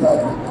verdade.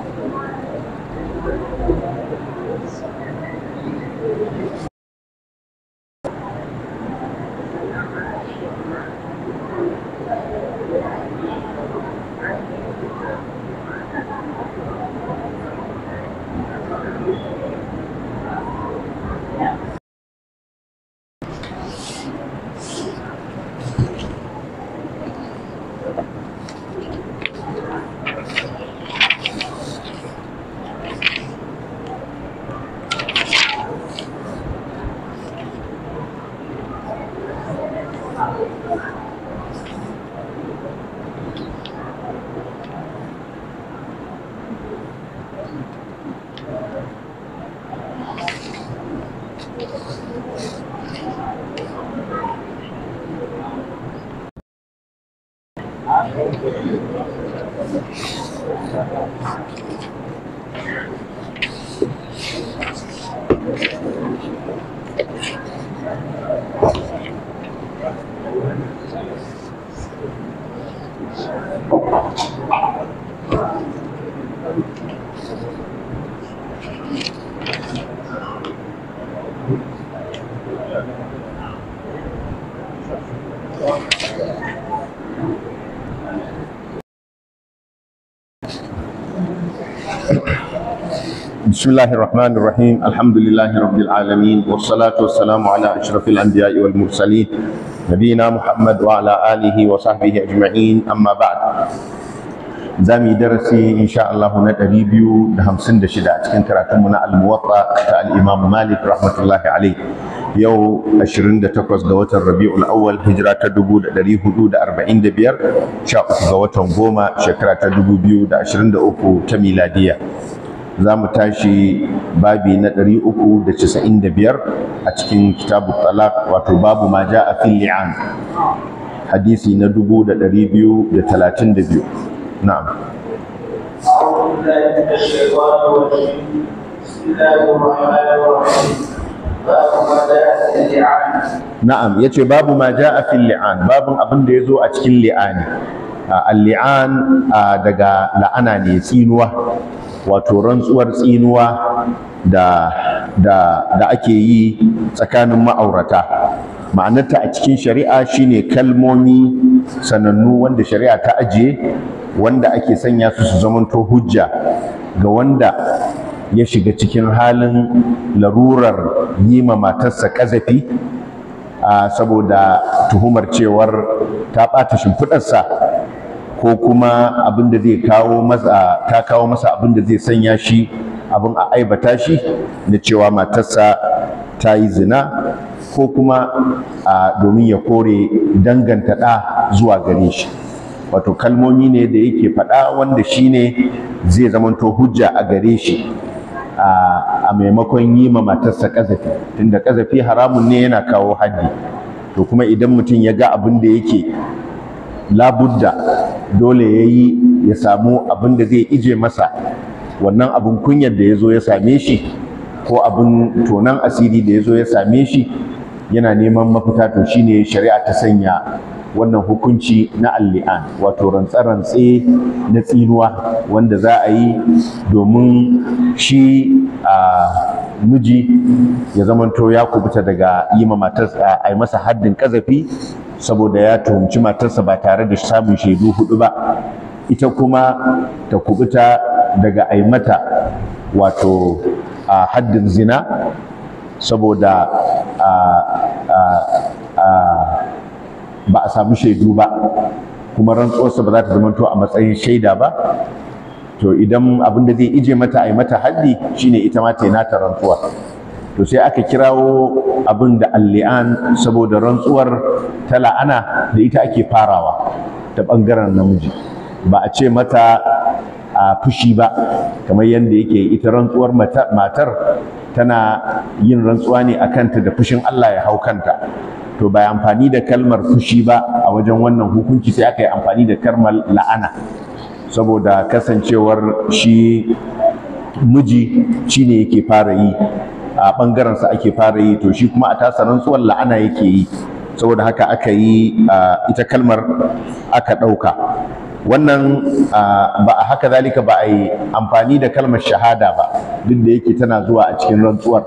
بسم الله الرحمن الرحيم الحمد لله رب العالمين والصلاة والسلام على أشرف الأنبياء والمرسلين نبينا محمد وعلى آله وصحبه أجمعين أما بعد زامي درسي إن شاء الله ندري بيو دهم سند شدة كن كراتمنا الموطأ الإمام مالك رحمة الله عليه yau 28 ga watan rabi'ul awwal hijira ta 1445 13 ga watan goma shekara ta 2023 ta miladiya za mu tashi babi na 395 a cikin kitabu talak wato babu ma ja a fil li'an hadisi na 2232 na'am na'am yace babu ma ja a fil li'an babun abin da yazo a cikin li'ani al-li'an daga la'ana ne tsinuwa wato rantsuwar tsinuwa da da da ake yi tsakanin ma'aurata ma'anarta a cikin shari'a shine kalmomi sanannu wanda shari'a ta ajiye wanda ake sanya su su zamanto hujja ga wanda ya shiga cikin halin larurar yi ma matarsa ƙazafi saboda tuhumar cewar ta ɓata shimfiɗarsa ko kuma abin da zai kawo masa ta kawo masa abin da zai sanya shi abin a aibata shi na cewa matarsa ta yi zina ko kuma a domin ya kore danganta ɗa zuwa gare shi wato kalmomi ne da yake faɗa wanda shi ne zai zamanto hujja a gare shi a maimakon yi ma matarsa ƙazafi tunda ƙazafi haramun ne yana kawo haddi to kuma idan mutum ya ga abin da yake labudda dole ya yi ya samu abin da zai ije masa wannan abin kunyar da ya zo ya same shi ko abin tonan asiri da ya zo ya same shi yana neman mafita to shine shari'a ta sanya wannan hukunci na alli'an wato rantse na tsinuwa wanda za a yi domin shi a miji ya zamanto ya kubuta daga yi matarsa a yi masa haddin kazafi saboda ya tuhumci matarsa ba tare da samun shaidu hudu ba ita kuma ta kubuta daga aimata wato a haddin zina saboda ba a samu shaidu ba kuma rantsuwarsa ba za ta zamanto a matsayin shaida ba to idan abin da zai ije mata a mata haddi shine ita ma ta nata rantsuwa to sai aka kirawo abin da alli'an saboda rantsuwar ta la'ana da ita ake farawa ta ɓangaren namiji ba a ce mata a fushi ba kamar yadda yake ita rantsuwar matar tana yin rantsuwa ne a kanta da fushin Allah ya hau kanta to ba amfani da kalmar fushi ba a wajen wannan hukunci sai aka yi amfani da kalmar la'ana saboda kasancewar shi miji shi ne yake fara yi a bangaren sa ake fara yi to shi kuma a tasa rantsuwar la'ana yake yi saboda haka aka yi ita kalmar aka ɗauka wannan ba a haka zalika ba a yi amfani da kalmar shahada ba duk da yake tana zuwa a cikin rantsuwar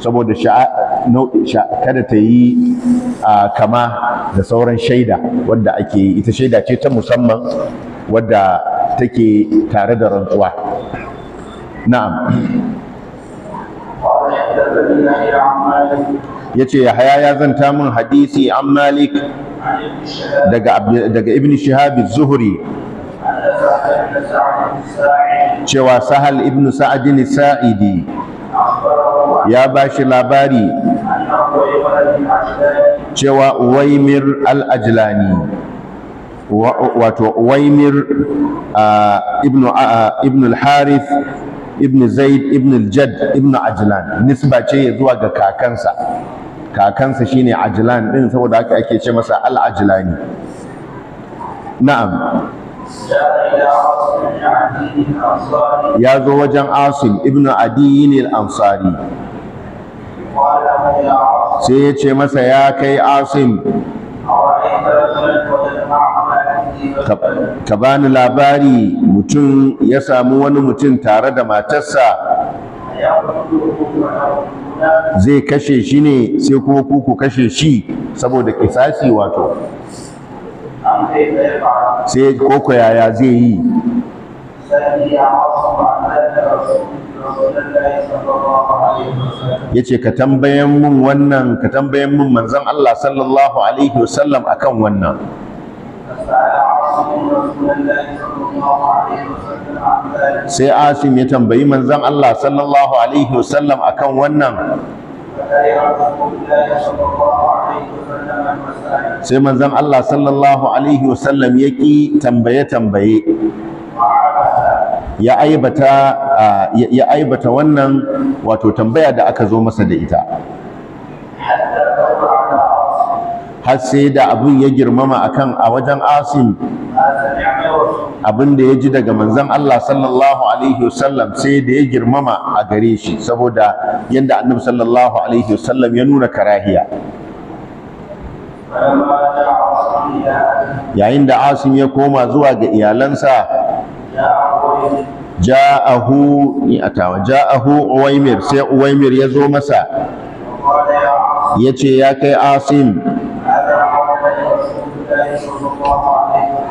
saboda kada ta yi kama da sauran shaida wadda ake ita shaida ce ta musamman wadda take tare da rantsuwa na'am ya ce yahaya ya zanta min hadisi an malik daga ibn shihab zuhri cewa sahal ibn sa'adin sa'idi ya bashi labari cewa uwaimir al wato uwaimir ibn al-harith ibn zaid ibn al-jad ibn ajlan nisba ce ya zuwa ga kakansa kakansa shine ajlan din saboda haka ake ce masa al-ajlani na'am ya zo wajen asim ibn adiyin al-ansari sai ya ce masa ya kai asim ka bani labari mutum ya samu wani mutum tare da matarsa zai kashe shi ne sai kuma kuku kashe shi saboda kisasi wato sai koko yaya zai yi ya ce ka tambayan mun wannan ka tambayan mun manzan Allah sallallahu alaihi wasallam akan wannan sai asim ya tambayi manzon Allah sallallahu alaihi wasallam akan wannan sai manzon Allah sallallahu alaihi wasallam ya ki tambaye tambaye ya aibata ya aibata wannan wato tambaya da aka zo masa da ita har sai da abin ya girmama akan a wajen asim abin da ya ji daga manzan Allah sallallahu alaihi wasallam sai da ya girmama a gare shi saboda yadda annabi sallallahu alaihi wasallam ya nuna karahiya yayin da asim ya koma zuwa ga iyalansa ja'ahu ni atawa ja'ahu uwaimir sai uwaimir ya zo masa ya ce ya kai asim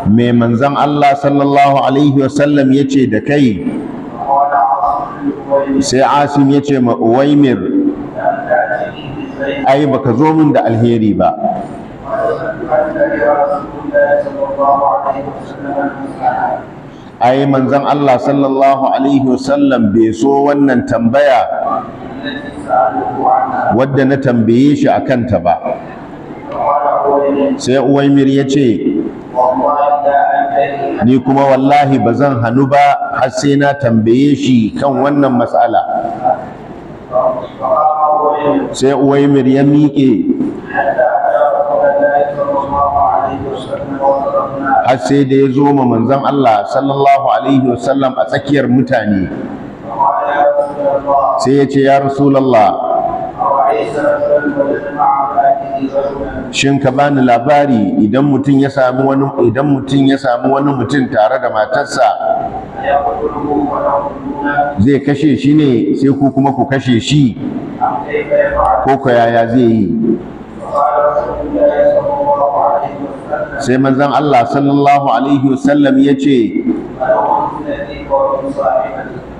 mai manzan Allah sallallahu alaihi wasallam ya ce da kai sai asim ya ce ma uwaimir ai baka zo min da alheri ba ai manzan Allah sallallahu alaihi wasallam bai so wannan tambaya wadda na tambaye shi a kanta ba sai uwaimir ya ce ni kuma wallahi ba zan hannu ba har sai na tambaye shi kan wannan matsala sai uwaimir ya miƙe har sai da ya zo ma manzon Allah sallallahu alaihi wasallam a tsakiyar mutane sai ya ce ya rasulallah shin ka bani labari idan mutum ya sami wani idan mutum ya sami wani mutum tare da matarsa zai kashe shi ne sai ku kuma ku kashe shi ko ko yaya zai yi sai manzon Allah sallallahu alaihi wasallam ya ce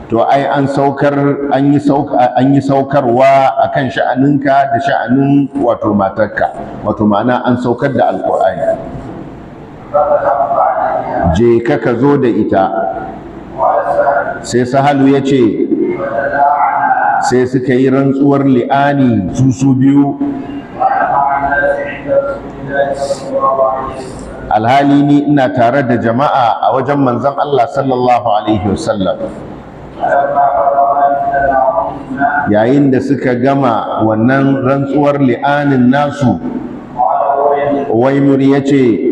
to ai an saukar an yi an yi saukarwa akan sha'aninka da sha'anin wato matarka wato ma'ana an saukar da alqur'ani je ka ka zo da ita sai sahalu ya ce sai suka yi rantsuwar li'ani su su biyu alhali ni ina tare da jama'a a wajen manzon Allah sallallahu alaihi wasallam yayin da suka gama wannan rantsuwar li'anin nasu waimur ya ce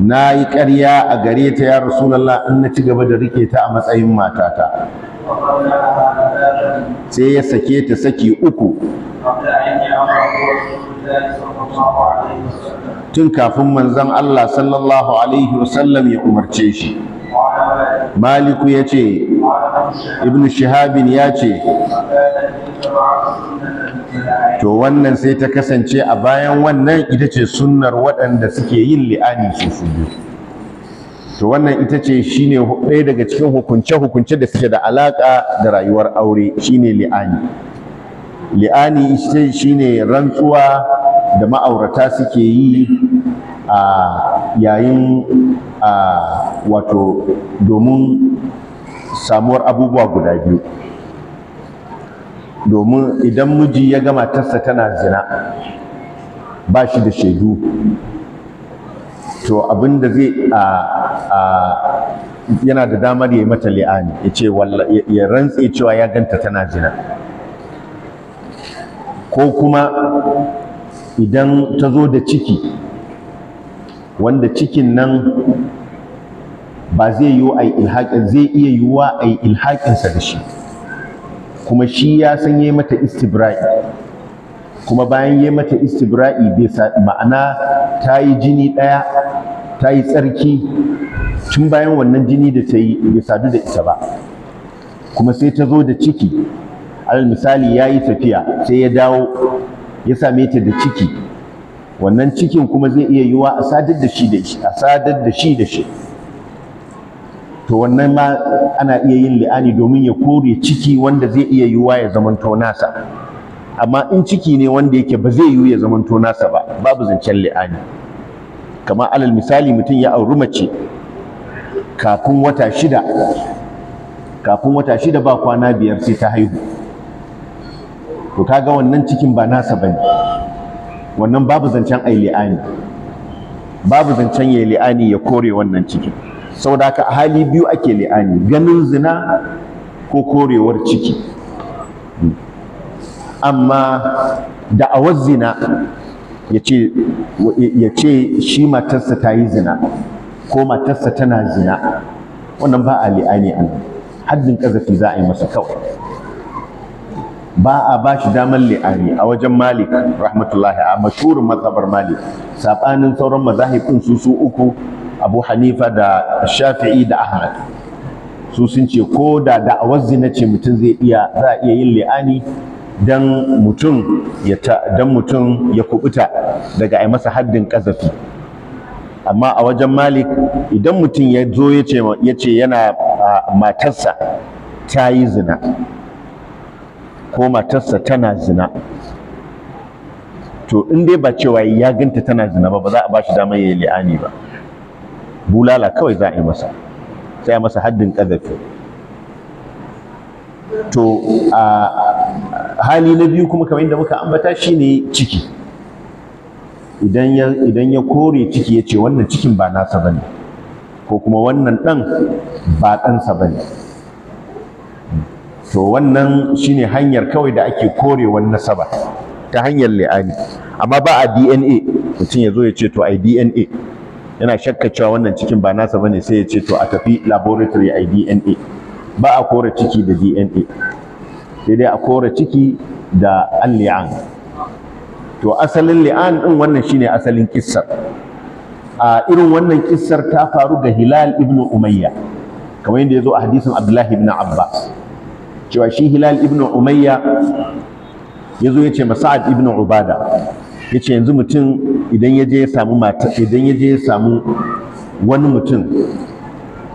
na yi ƙarya a gare ta ya rasulallah in na ci gaba da rike ta a matsayin matata sai ya sake ta saki uku tun kafin manzon Allah sallallahu alaihi wasallam ya umarce shi maliku ya ce ibn shihabin ya ce to wannan sai ta kasance a bayan wannan ita ce sunnar waɗanda suke yin li'ani su su to wannan ita ce ne ɗaya daga cikin hukunce-hukunce da suke da alaƙa da rayuwar aure shine li'ani li'ani shine rantsuwa da ma'aurata suke yi a yayin a wato domin samuwar abubuwa guda biyu domin idan miji ya gama matarsa tana zina ba shi da shaidu to abin da zai yana da damar ya yi mata li'ani ya ce ya rantse cewa ya ganta tana zina ko kuma idan ta zo da ciki wanda cikin nan ba zai yiwu a ilhaƙin zai iya yiwuwa a ilhaƙinsa da shi kuma shi ya san yi mata istibra'i kuma bayan yi mata istibra'i ma'ana ta yi jini ɗaya ta yi tsarki tun bayan wannan jini da ta yi bai sadu da isa ba kuma sai ta zo da ciki Alal misali ya yi tafiya sai ya dawo ya same ta da ciki wannan cikin kuma zai iya yiwa a sadar da shi da shi a sadar da shi da shi to wannan ma ana iya yin li'ani domin ya kore ciki wanda zai iya yiwa ya zamanto nasa amma in ciki ne wanda yake ba zai yiwu ya zamanto nasa ba babu zancen li'ani kamar alal misali mutum ya auri mace kafin wata shida kafin wata shida ba kwana biyar sai ta haihu to kaga wannan cikin ba nasa ba ne wannan babu zancen a li'ani babu zancen ya li'ani ya kore wannan cikin Sau haka a hali biyu ake li'ani ganin zina ko korewar ciki amma da'awar zina ya ce shi matarsa ta yi zina ko matarsa tana zina wannan ba a li'ani a nan haddin ƙazafi za a yi masa kawai ba a ba shi damar li'ani a wajen malik rahmatullahi a mashurin mazhabar malik saɓanin sauran mazahibin su su uku abu hanifa da shafi'i da ahmad su sun ce ko da da'awar zina ce mutum zai iya za a iya yin li'ani dan mutum ya dan mutum ya kubuta daga ai masa haddin kazafi amma a wajen malik idan mutum ya zo ya ce yana matarsa ta yi zina ko matarsa tana zina to in dai ba cewa ya ganta tana zina ba ba za a ba shi damar yayi li'ani ba bulala kawai za a yi masa sai a masa haddin ƙazafi to a hali na biyu kuma kamar yadda muka ambata shi ne ciki idan ya idan kore ciki ya ce wannan cikin ba nasa bane ko kuma wannan ɗan ba ɗansa bane to wannan shine hanyar kawai da ake korewar nasaba ta hanyar li'ani amma ba a DNA mutum ya zo ya ce to ai DNA yana shakka cewa wannan cikin ba nasa bane sai ya ce to a tafi laboratory ai DNA ba a kore ciki da DNA sai dai a kore ciki da al-li'an to asalin li'an din wannan shine asalin kissar a irin wannan kissar ta faru ga Hilal ibnu Umayya kamar yadda ya zo a hadisin Abdullahi ibn Abbas cewa shi hilal ibn umayya ya zo ya ce masa'ad ibn ubada ya ce yanzu mutum idan ya je ya samu mata idan wani mutum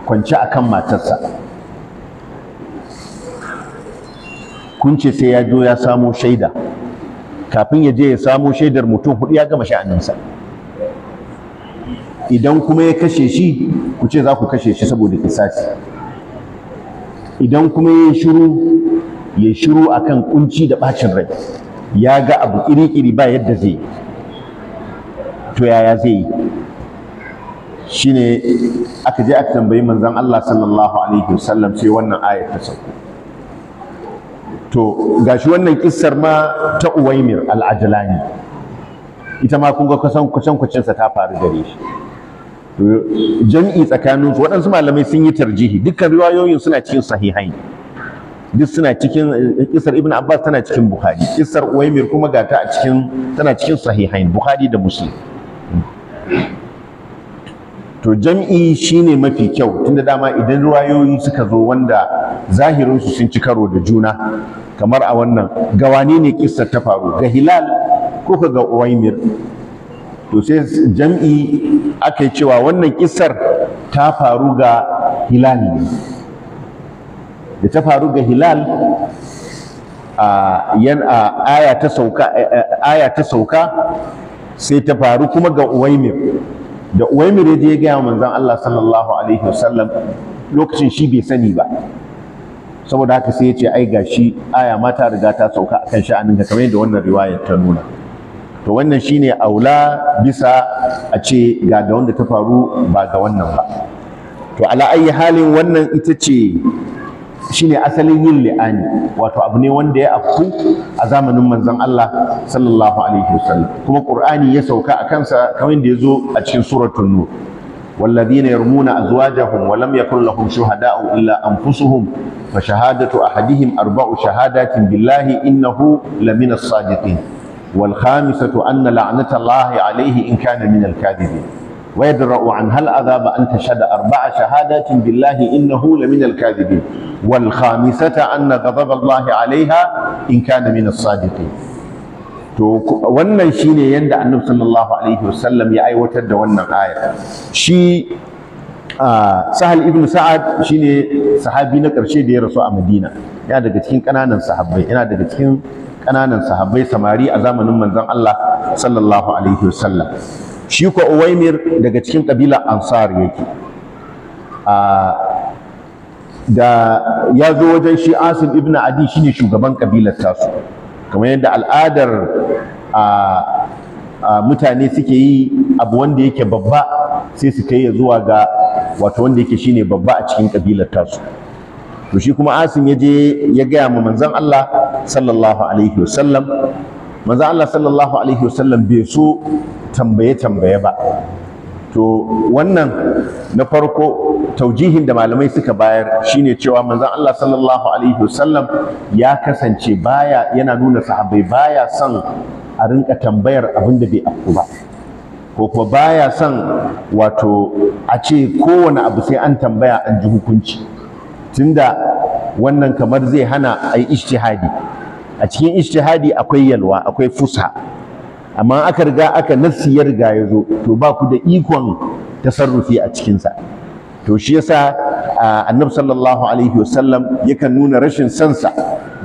kwance akan matarsa kun ce sai ya zo ya samo shaida kafin ya je ya samo shaidar mutum hudu ya gama sha'aninsa idan kuma ya kashe shi ku ce za ku kashe shi saboda kisasi idan kuma ya shiru ya shiru akan kunci da bacin rai ya ga abu iri-iri ba yadda zai yi. to yaya zai yi shine aka je aka tambayi manzon Allah sallallahu alaihi wasallam sai wannan ayat ta sauko to gashi wannan kissar ma ta Uwaimir al ita ma kun ga kusan kucin ta faru gare shi jam'i tsakanin waɗansu malamai sun yi tarjihi dukkan riwayoyin suna cikin sahihai duk suna cikin eh, kisar ibn abbas tana cikin buhari, kisar uwaimir kuma ga ta a cikin tana cikin sahihai buhari da muslim to jami'i shine mafi kyau tunda dama idan riwayoyi suka zo wanda zahirinsu sun ci karo da juna kamar a wannan ga wane ne kisar ta faru ga hilal ko ga uwaimir to sai jam'i aka yi cewa wannan kisar ta faru ga hilal ne da ta faru ga hilal a yan a aya ta sauka sai ta faru kuma ga uwaimir da uwaimir ya je ya gaya manzon Allah sallallahu alaihi wasallam lokacin shi bai sani ba saboda haka sai ya ce ai gashi aya ma riga ta sauka akan sha'anin ga kamar yadda wannan riwayar ta nuna to wannan shine aula bisa a ce ga da wanda ta faru ba ga wannan ba to ala ayi halin wannan ita ce shine asalin yin li'ani wato abu ne wanda ya afku a zamanin manzon Allah sallallahu alaihi wasallam kuma qur'ani ya sauka a kansa kamar da zo a cikin suratul nur والذين يرمون أزواجهم ولم يكن لهم شهداء إلا أنفسهم فشهادة أحدهم أربع شهادات بالله إنه لمن الصادقين wal khamisatu anna la'natallahi alayhi in kana min al-kadhibin wa yadra'u an hal adhaba an da arba'a shahadatin billahi innahu hula min al-kadhibin wal khamisata anna ghadaba Allahi alayha in kana min as-sadiqin to wannan shine yanda annabi sallallahu alaihi wasallam ya aiwatar da wannan aya shi sahal ibn sa'ad shine sahabi na ƙarshe da ya rasu a madina yana daga cikin ƙananan sahabbai yana daga cikin Kananan sahabbai samari a zamanin manzon Allah sallallahu alaihi wasallam shi ko Uwaimir daga cikin kabilar Ansar yake da ya zo wajen shi Asim ibn Adi shine shugaban kabilar tasu kamar yadda al'adar mutane suke yi abu wanda yake babba sai su kai zuwa ga wato wanda yake shine babba a cikin kabilar tasu to shi kuma asim ya ya gaya ma manzon Allah sallallahu alaihi wasallam manzo Allah sallallahu alaihi wasallam bai so tambaye tambaye ba to wannan na farko taujihin da malamai suka bayar shine cewa manzo Allah sallallahu alaihi wasallam ya kasance baya yana nuna sahabbai baya son a rinka tambayar abin da bai afku ba ko kuma baya son wato a ce kowane abu sai an tambaya an ji hukunci tunda wannan kamar zai hana a yi ijtihadi a cikin ijtihadi akwai yalwa akwai fusa amma aka riga aka nassi ya riga ya zo to ba ku da ikon tasarrufi a cikinsa to shi yasa annabi sallallahu alaihi wasallam yakan nuna rashin sansa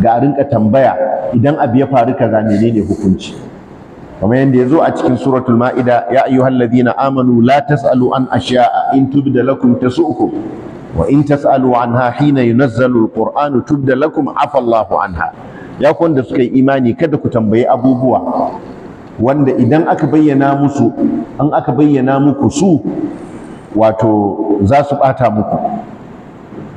ga a rinka tambaya idan abu ya faru kaza menene hukunci kamar yadda ya zo a cikin suratul ma'ida ya ayyuhal ladina amanu la tas'alu an asya'a in tubda lakum tasu'ukum wa in tas'alu anha hina yunazzalu alqur'anu tubda lakum afa Allahu anha ya ku wanda suka yi imani kada ku tambayi abubuwa wanda idan aka bayyana musu an aka bayyana muku su wato za su bata muku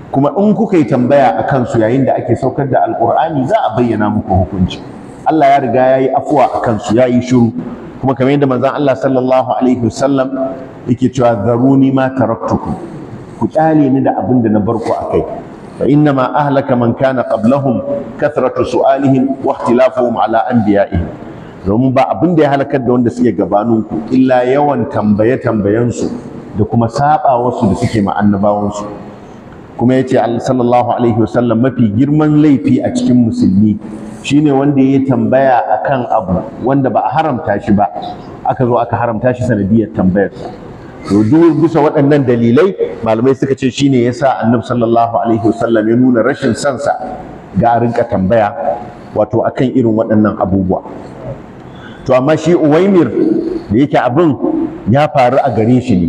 kuma in kuka yi tambaya a kansu yayin da ake saukar da alkur'ani za a bayyana muku hukunci Allah ya riga ya yi afuwa a kansu ya yi shiru kuma kamar yadda manzon Allah sallallahu alaihi wasallam yake cewa zaruni ma taraktukum ku kyale ni da abin da na barku akai فإنما أهلك من كان قبلهم كثرة سؤالهم واختلافهم على أنبيائهم domin ba abin da ya halakar da wanda suke gabaninku illa yawan tambaye tambayensu da kuma saba wasu da suke ma annabawansu kuma yace sallallahu alaihi wasallam mafi girman laifi a cikin musulmi shine wanda ya tambaya akan abu wanda ba a haramta shi ba aka zo aka haramta shi sanadiyar tambayarsa duk bisa waɗannan dalilai malamai suka ce shine sa annabi sallallahu alaihi wasallam ya nuna rashin sansa ga a rinka tambaya wato akan irin waɗannan abubuwa to amma shi uwaimir da yake abin ya faru a gare shi ne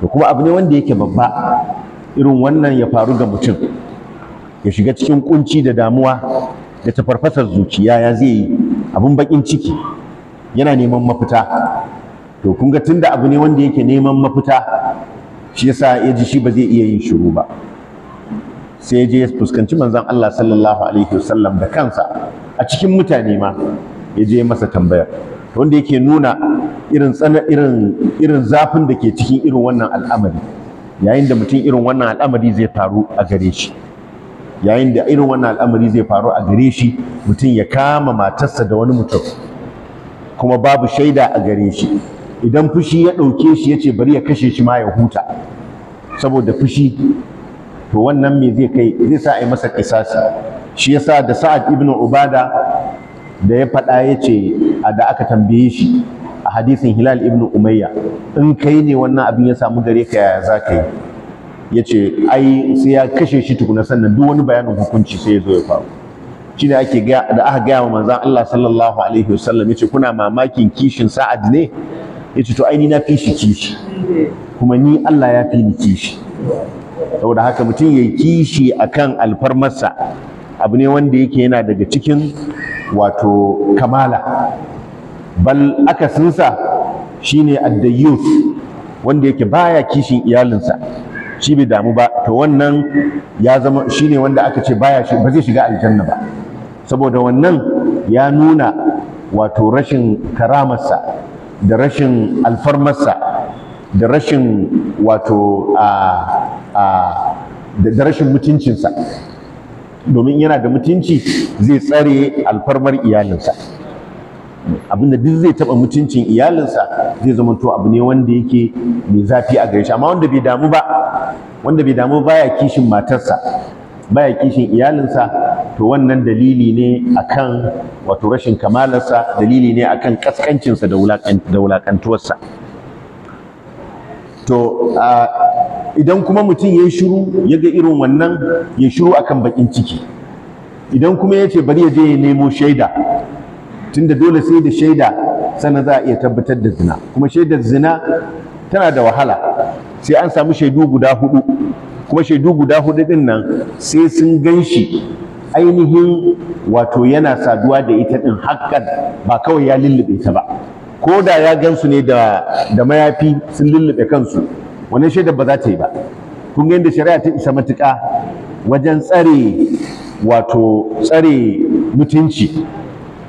to kuma abu ne wanda yake babba irin wannan ya faru ga mutum ya shiga cikin kunci da damuwa da tafarfasar zuciya ya zai yi abin bakin ciki yana neman mafita to kun ga tunda abu ne wanda yake neman mafita shi yasa ya ji shi ba zai iya yin shiru ba sai ya je ya fuskanci manzon Allah sallallahu alaihi wasallam da kansa a cikin mutane ma ya je masa tambayar wanda yake nuna irin tsana irin irin zafin da ke cikin irin wannan al'amari yayin da mutum irin wannan al'amari zai faru a gare shi yayin da irin wannan al'amari zai faru a gare shi mutum ya kama matarsa da wani mutum kuma babu shaida a gare shi idan fushi ya ɗauke shi ya ce bari ya kashe shi ma ya huta saboda fushi to wannan me zai kai zai sa a yi masa kisasi shi ya sa da sa'ad ibn ubada da ya faɗa ya ce a da aka tambaye shi a hadisin hilal ibn umayya in kai ne wannan abin ya samu gare ka yaya za ka yi ya ce ai sai ya kashe shi tukuna sannan duk wani bayanin hukunci sai ya zo ya faru shi da aka gaya wa manzan Allah sallallahu alaihi wasallam ya ce kuna mamakin kishin sa'ad ne yace to aini na fi shi kishi kuma ni Allah ya fi ni kishi saboda haka mutum yayi kishi akan alfarmarsa abu ne wanda yake yana daga cikin wato kamala bal aka shi shine addayyus wanda yake baya kishin iyalinsa shi bai damu ba to wannan ya zama shine wanda aka ce baya shi ba zai shiga aljanna ba saboda wannan ya nuna wato rashin karamarsa da rashin alfarmarsa da rashin wato da rashin mutuncinsa domin yana da mutunci zai tsare alfarmar iyalinsa abinda duk zai taɓa mutuncin iyalinsa zai zama to abu ne wanda yake mai zafi a gare shi amma wanda bai damu ba wanda bai damu baya kishin matarsa baya kishin iyalinsa to wannan dalili ne akan wato rashin kamalarsa dalili ne akan kaskancinsa da wulakantuwarsa to idan kuma mutum ya shiru ya ga irin wannan ya shiru akan bakin ciki idan kuma ya ce bari ya je ya nemo shaida tunda dole sai da shaida sana za a iya tabbatar da zina kuma shaidar zina tana da wahala sai an samu shaidu guda hudu kuma shaidu guda hudu din nan sai sun gan shi ainihin wato yana saduwa da ita ɗin hakan ba kawai ya lullube ta ba ko da ya gansu ne da mayafi sun lullube kansu wannan shaidar ba za ta yi ba kun ga yadda shari'a ta isa matuƙa wajen tsare wato tsare mutunci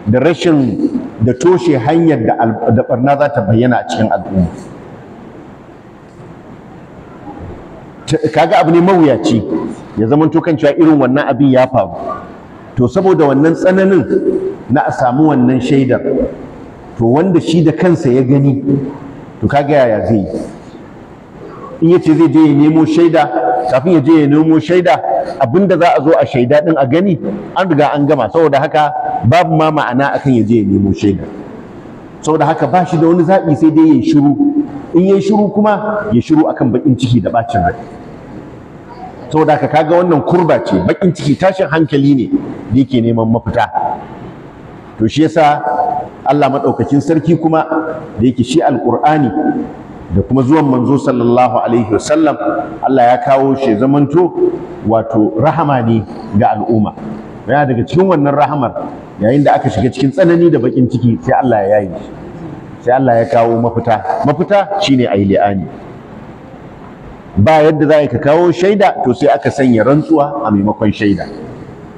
da rashin da toshe hanyar da barna za ta bayyana a cikin al'umma kaga abu ne mawuyaci ya zama to cewa irin wannan abin ya faru to saboda wannan tsananin na a samu wannan shaidar to wanda shi da kansa ya gani to kaga yaya zai yi in yace zai je ya nemo shaida kafin ya je ya nemo shaida abinda za a zo a shaida din a gani an riga an gama saboda haka babu ma ma'ana akan ya je ya nemo shaida saboda haka ba shi da wani zaɓi sai dai ya shiru in ya shiru kuma ya shiru akan bakin ciki da ɓacin rai saboda ka kaga wannan kurba ce bakin ciki tashin hankali ne da yake neman mafita to shi yasa Allah madaukakin sarki kuma da yake shi alqur'ani da kuma zuwan manzo sallallahu alaihi wasallam Allah ya kawo shi zamanto wato rahama ne ga al'umma yana daga cikin wannan rahamar yayin da aka shiga cikin tsanani da bakin ciki sai Allah ya yayi sai Allah ya kawo mafita mafita shine ayi li'ani ba yadda za a ka kawo shaida to sai aka sanya rantsuwa a maimakon shaida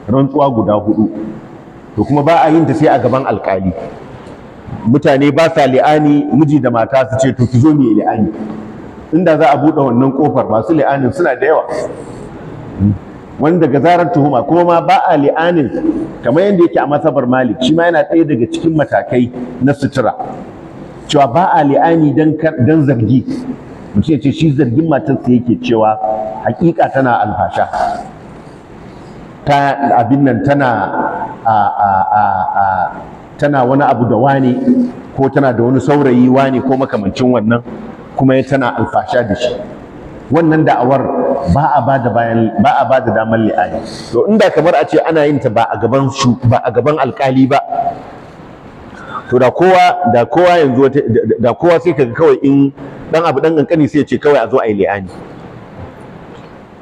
rantsuwa guda hudu to kuma ba a yin ta sai a gaban alkali mutane ba sa li'ani miji da mata su ce to ki zo mu li'ani inda za a buɗe wannan kofar masu li'anin suna da yawa wani daga zarar tuhuma kuma ma ba a li'anin kamar yadda yake a masabar malik shi ma yana ɗaya daga cikin matakai na sutura cewa ba a li'ani don zargi mutum ya ce shi zargin matarsa yake cewa hakika tana alfasha ta abin nan tana a a a a tana wani abu da wani ko tana da wani saurayi wani ko makamancin wannan kuma ya tana alfasha da shi wannan da'awar ba a ba da bayan ba a ba da damar li'ayi to inda kamar a ce ana yin ta ba a gaban shu ba a gaban alkali ba to da kowa da kowa yanzu da kowa sai kaga kawai in dan abu dan kankani sai ya ce kawai a zo a yi li'ani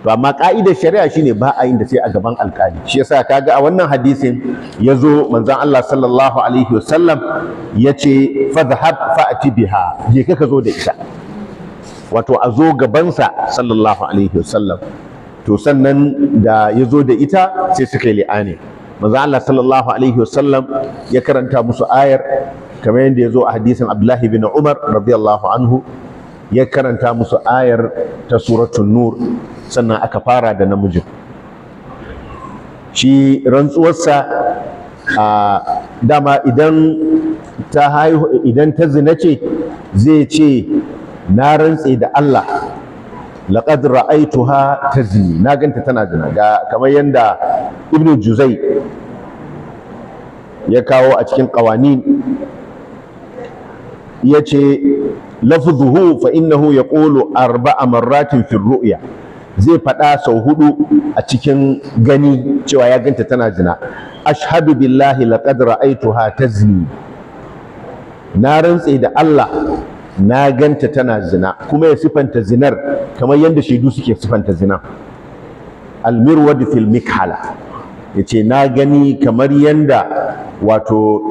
to amma ka'idar shari'a shine ba a yin da sai a gaban alkali shi yasa kaga a wannan hadisin ya zo manzon Allah sallallahu alaihi wasallam yace fadhhab fa'ti biha je ka zo da ita wato a zo gaban sallallahu alaihi wasallam to sannan da ya zo da ita sai suka yi li'ani manzon Allah sallallahu alaihi wasallam ya karanta musu ayar kamar yadda ya zo a hadisin Abdullahi bin Umar radiyallahu anhu ya karanta musu ayar ta suratun nur sannan aka fara da namijin shi rantsuwarsa a dama idan ta haihu idan ta zina ce zai ce na rantse da Allah laqad ta tazni na ganta tana zina ga kamar yadda ibnu juzai ya kawo a cikin ya ce. lafzuhu fa innahu yaqulu arba'a marratin fi ru'ya zai faɗa sau hudu a cikin gani cewa ya ganta tana zina ashhadu billahi laqad ra'aytuha tazni na rantse da Allah na ganta tana zina kuma ya sifanta zinar kamar yadda shaidu suke sifanta zina almirwad fil mikhala yace na gani kamar yadda wato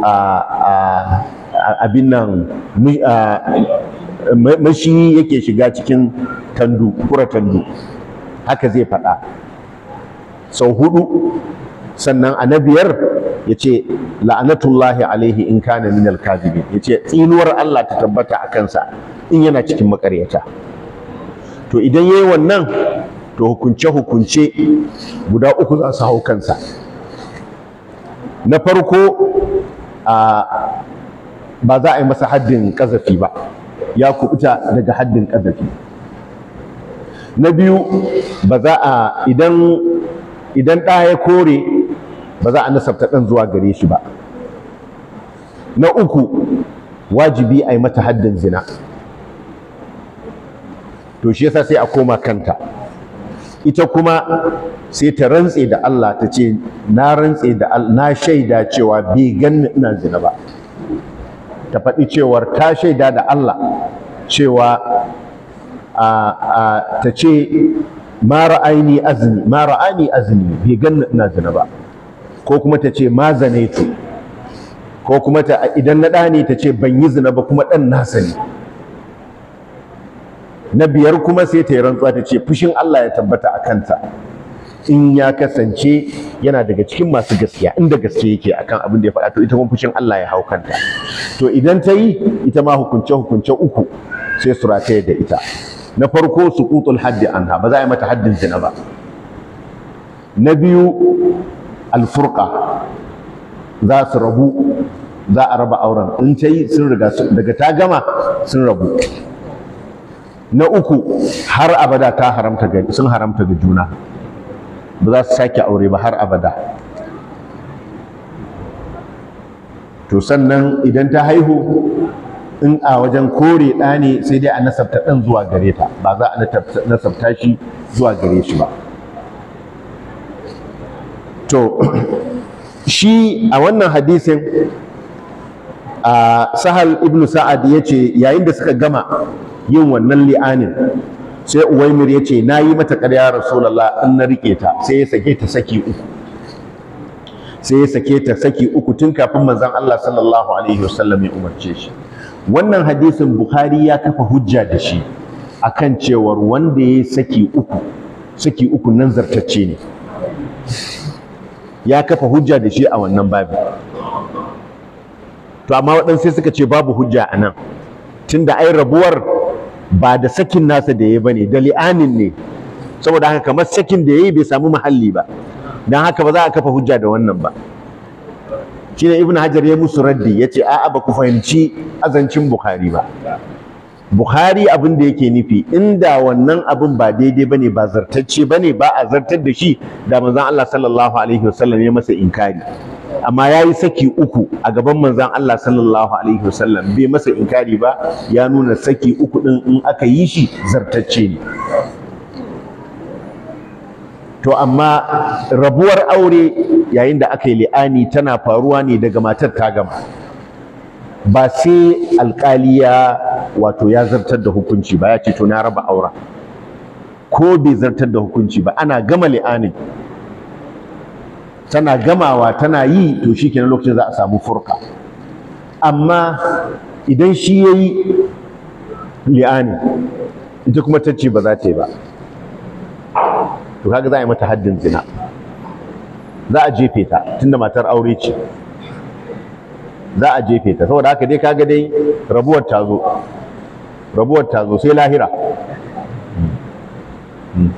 abin nan mashi yake shiga cikin tandu kura tandu haka zai faɗa sau hudu sannan a na biyar ya ce la'anatullahi alaihi in kane min alkazibi ya ce tsinuwar Allah ta tabbata a kansa in yana cikin makaryata to idan yayi wannan to hukunce hukunce guda uku za su hau kansa na farko ba za a yi masa haddin kazafi ba ya kubuta daga haddin ƙazafi na biyu ba za a idan idan ɗa ya kore ba za a nasabta ɗan zuwa gare shi ba na uku wajibi a yi mata haddin zina to shi yasa sai a koma kanta ita kuma sai ta rantse da Allah ta ce na rantse da na shaida cewa bai ganni ina zina ba ta faɗi cewar ta shaida da Allah cewa ta ce ma ra'aini azumi ma ra'ani azumi bai gan ina zina ba ko kuma ta ce ma zane ko kuma ta idan na ɗani ta ce ban yi zina ba kuma ɗan nasa ne na biyar kuma sai ta yi rantsuwa ta ce fushin Allah ya tabbata a kanta in ya kasance yana daga cikin masu gaskiya inda gaske yake akan abin da ya faɗa to ita kuma fushin Allah ya hau kanta to idan ta yi ita ma hukunce hukunce uku sai su rataye da ita na farko suqutul haddi anha ba za a yi mata haddin zina ba na biyu furqa za su rabu za a raba auren in ta yi sun riga daga ta gama sun rabu na uku har abada ta haramta sun haramta ga juna ba za su sake aure ba har abada to sannan idan ta haihu in a wajen kore ɗa ne sai dai a nasabta ɗan zuwa gare ta ba za a nasabta shi zuwa gare shi ba to shi a wannan hadisin a sahal ibnu sa'ad ya ce yayin da suka gama yin wannan li'anin sai uwaimir ya ce na yi mata ƙarya rasulallah an na riƙe ta sai ya sake ta saki uku sai ya sake ta saki uku tun kafin manzon Allah sallallahu alaihi wasallam ya umarce shi wannan hadisin bukhari ya kafa hujja da shi akan cewar wanda ya saki uku saki uku nan zartacce ne ya kafa hujja da shi a wannan babu to amma waɗansu sai suka ce babu hujja a nan tunda ai rabuwar ba da sakin nasa da ya yi ba ne da li'anin ne saboda haka kamar sakin da ya yi bai samu mahalli ba don haka ba za a kafa hujja da wannan ba Shi shine Ibn hajar ya musu raddi ya ce a'a ba ku fahimci azancin bukhari ba bukhari abin da yake nufi inda wannan abin ba daidai ba ne, ba zartacce ba ne, ba a zartar da shi da manzon Allah sallallahu alaihi wasallam ya masa inkari amma ya yi saki uku a gaban manzan Allah sallallahu alaihi wasallam bai masa inkari ba ya nuna saki uku ɗin in aka yi shi zartacce ne to amma rabuwar aure yayin da aka yi li'ani tana faruwa ne daga matar ta gama ba sai Alkaliya ya wato ya zartar da hukunci ba ya ce to na raba aura ko bai zartar da hukunci ba ana gama li'anin tana gamawa tana yi to shi kenan lokacin za a samu furka amma idan shi ya yi li'ani ita kuma ta ce ba za ta yi ba to kaga za a yi mata haddin zina za a jefe ta tunda matar aure ce za a jefe ta saboda haka dai kaga dai rabuwar ta zo rabuwar ta zo sai lahira hmm. Hmm.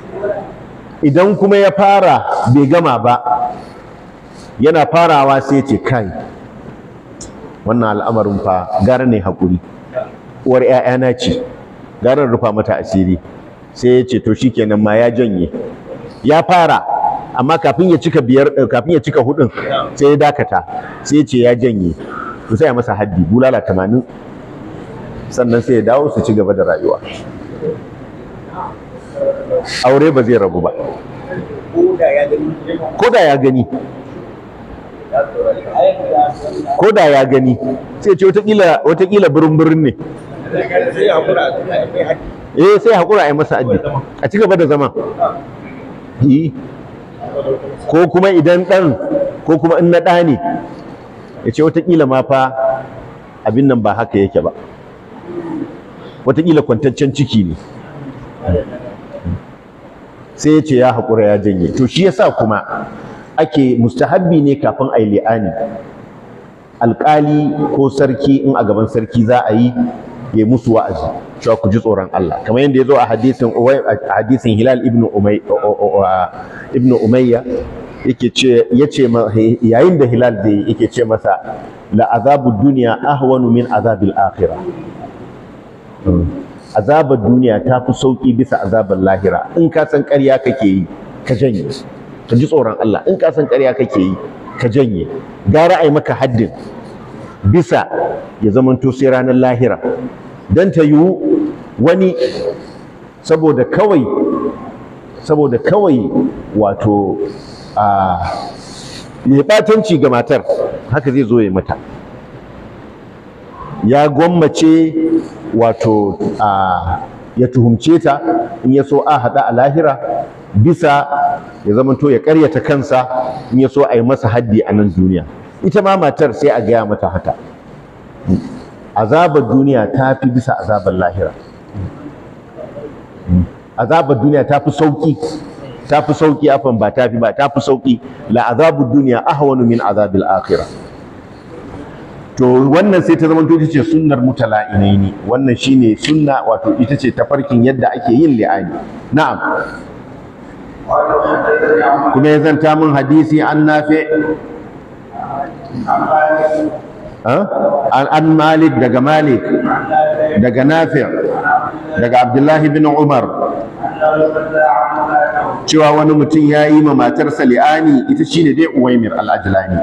idan kuma ya fara bai gama ba yana farawa sai ce kai wannan al'amarin fa gara ne hakuri uwar 'ya'yana ce gara rufa mata asiri sai ya ce to shi kenan ma ya janye ya fara amma kafin ya cika biyar eh, kafin ya cika hudun sai ya dakata sai ce ya janye to sai ya masa haddi bulala tamanin sannan sai ya dawo su ci gaba da rayuwa aure ba zai rabu ba ko da ya gani ko da ya gani sai ce watakila birin birin ne eh sai haƙura a yi masa addi a ci gaba da zama ko kuma idan ɗan ko kuma in na ɗa ne ya ce watakila ma fa abin nan ba haka yake ba watakila kwantaccen ciki ne sai ya ce ya haƙura ya janye to shi ya sa kuma ake mustahabbi ne kafin a yi li'ani alƙali ko sarki in a gaban sarki za a yi ya yi musu wa'azi cewa ku ji tsoron Allah kamar yadda ya zo a hadisin Hilal ibn ibn Umayya yake ce yayin da Hilal da yake ce masa la azabu dunya ahwanu min azabil akhirah azabar duniya ta fi sauƙi bisa azabar lahira in ka san ƙarya kake yi ka janye ka ji tsoron Allah in ka san ƙarya kake yi ka janye gara ai maka haddin bisa ya zamanto sai ranar lahira dan ta yiwu wani saboda kawai saboda kawai wato a ya batanci ga matar haka zai zo ya mata ya gwammace wato a ya tuhumce ta in ya so a haɗa a lahira bisa ya zamanto ya karyata kansa in ya so a yi masa haddi a nan duniya ita ma matar sai a gaya mata haka azabar duniya ta fi bisa azabar lahira azabar duniya ta fi sauki ta fi sauki afan ba ta fi ba ta fi sauki la azabar duniya ahwanu min azabil akhirah to wannan sai ta zama to ita ce sunnar mutala'inaini wannan shine sunna wato ita ce ta farkin yadda ake yin li'ani na'am kuma ya zanta min hadisi an nafe? an malik daga malik daga nafe daga abdullahi bin umar cewa wani mutum ya yi ma matarsa li'ani ita ne dai uwaimir al'ajilani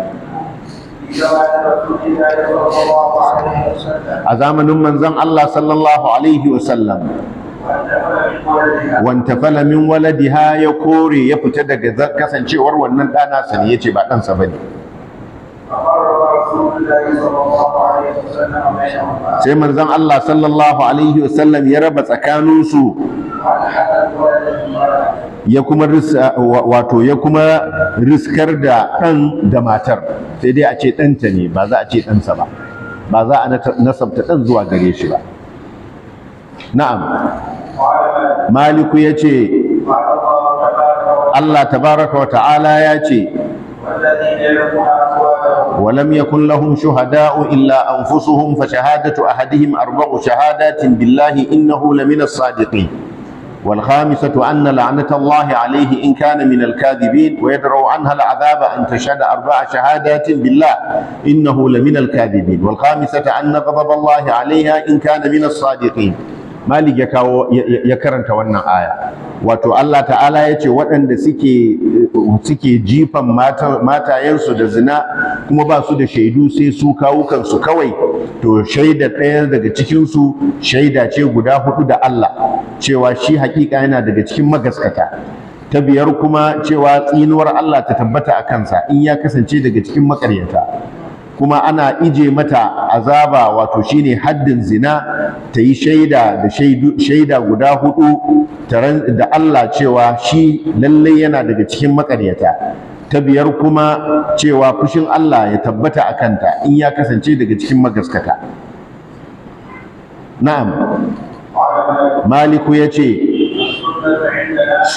a zamanin manzon Allah sallallahu alaihi wasallam wanta fala min waladiha ya kore ya fita daga kasancewar wannan ɗana sani ya ce ba ɗansa ba ne sai manzon Allah sallallahu alaihi wasallam ya raba tsakaninsu ya kuma wato ya kuma riskar da ɗan da matar sai dai a ce ɗanta ne ba za a ce ɗansa ba ba za a nasabta ɗan zuwa gare shi ba na'am maliku ya ce Allah tabaraka wa ta'ala ya ce ولم يكن لهم شهداء إلا أنفسهم فشهادة أحدهم أربع شهادات بالله إنه لمن الصادقين والخامسة أن لعنة الله عليه إن كان من الكاذبين ويدرأ عنها العذاب أن تشهد أربع شهادات بالله إنه لمن الكاذبين والخامسة أن غضب الله عليها إن كان من الصادقين malik ya kawo ya karanta wannan aya wato Allah ta'ala ya ce waɗanda suke jifan matayensu da zina kuma ba su da shaidu sai su kawukansu kawai to shaida ɗaya daga cikinsu shaida ce guda hudu da Allah cewa shi haƙiƙa yana daga cikin magaskata ta biyar kuma cewa tsinuwar Allah ta tabbata a kansa in ya kasance daga cikin maƙaryata kuma ana ije mata azaba wato shine haddin zina ta yi shaida da shaida guda hudu da Allah cewa shi lallai yana daga cikin makaryata ta biyar kuma cewa fushin Allah ya tabbata a kanta in ya kasance daga cikin magaskata na'am maliku ya ce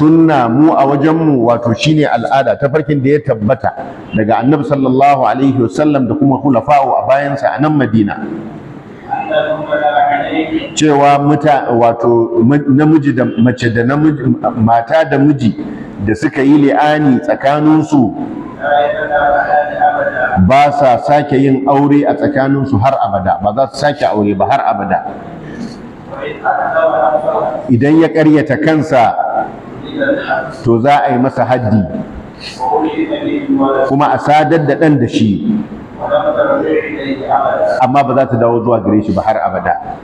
sunna mu a wajenmu wato shine al'ada ta farkin da ya tabbata daga annabi sallallahu alaihi wasallam da kuma khulafa'u a bayansa a nan madina cewa muta wato namiji da mace da namiji mata da miji da suka yi li'ani tsakaninsu ba sa sake yin aure a tsakaninsu har abada ba za su sake aure ba har abada idan ya ƙaryata kansa to za a yi masa haddi kuma a sadar da ɗan da shi amma ba za ta dawo zuwa gare shi ba har abada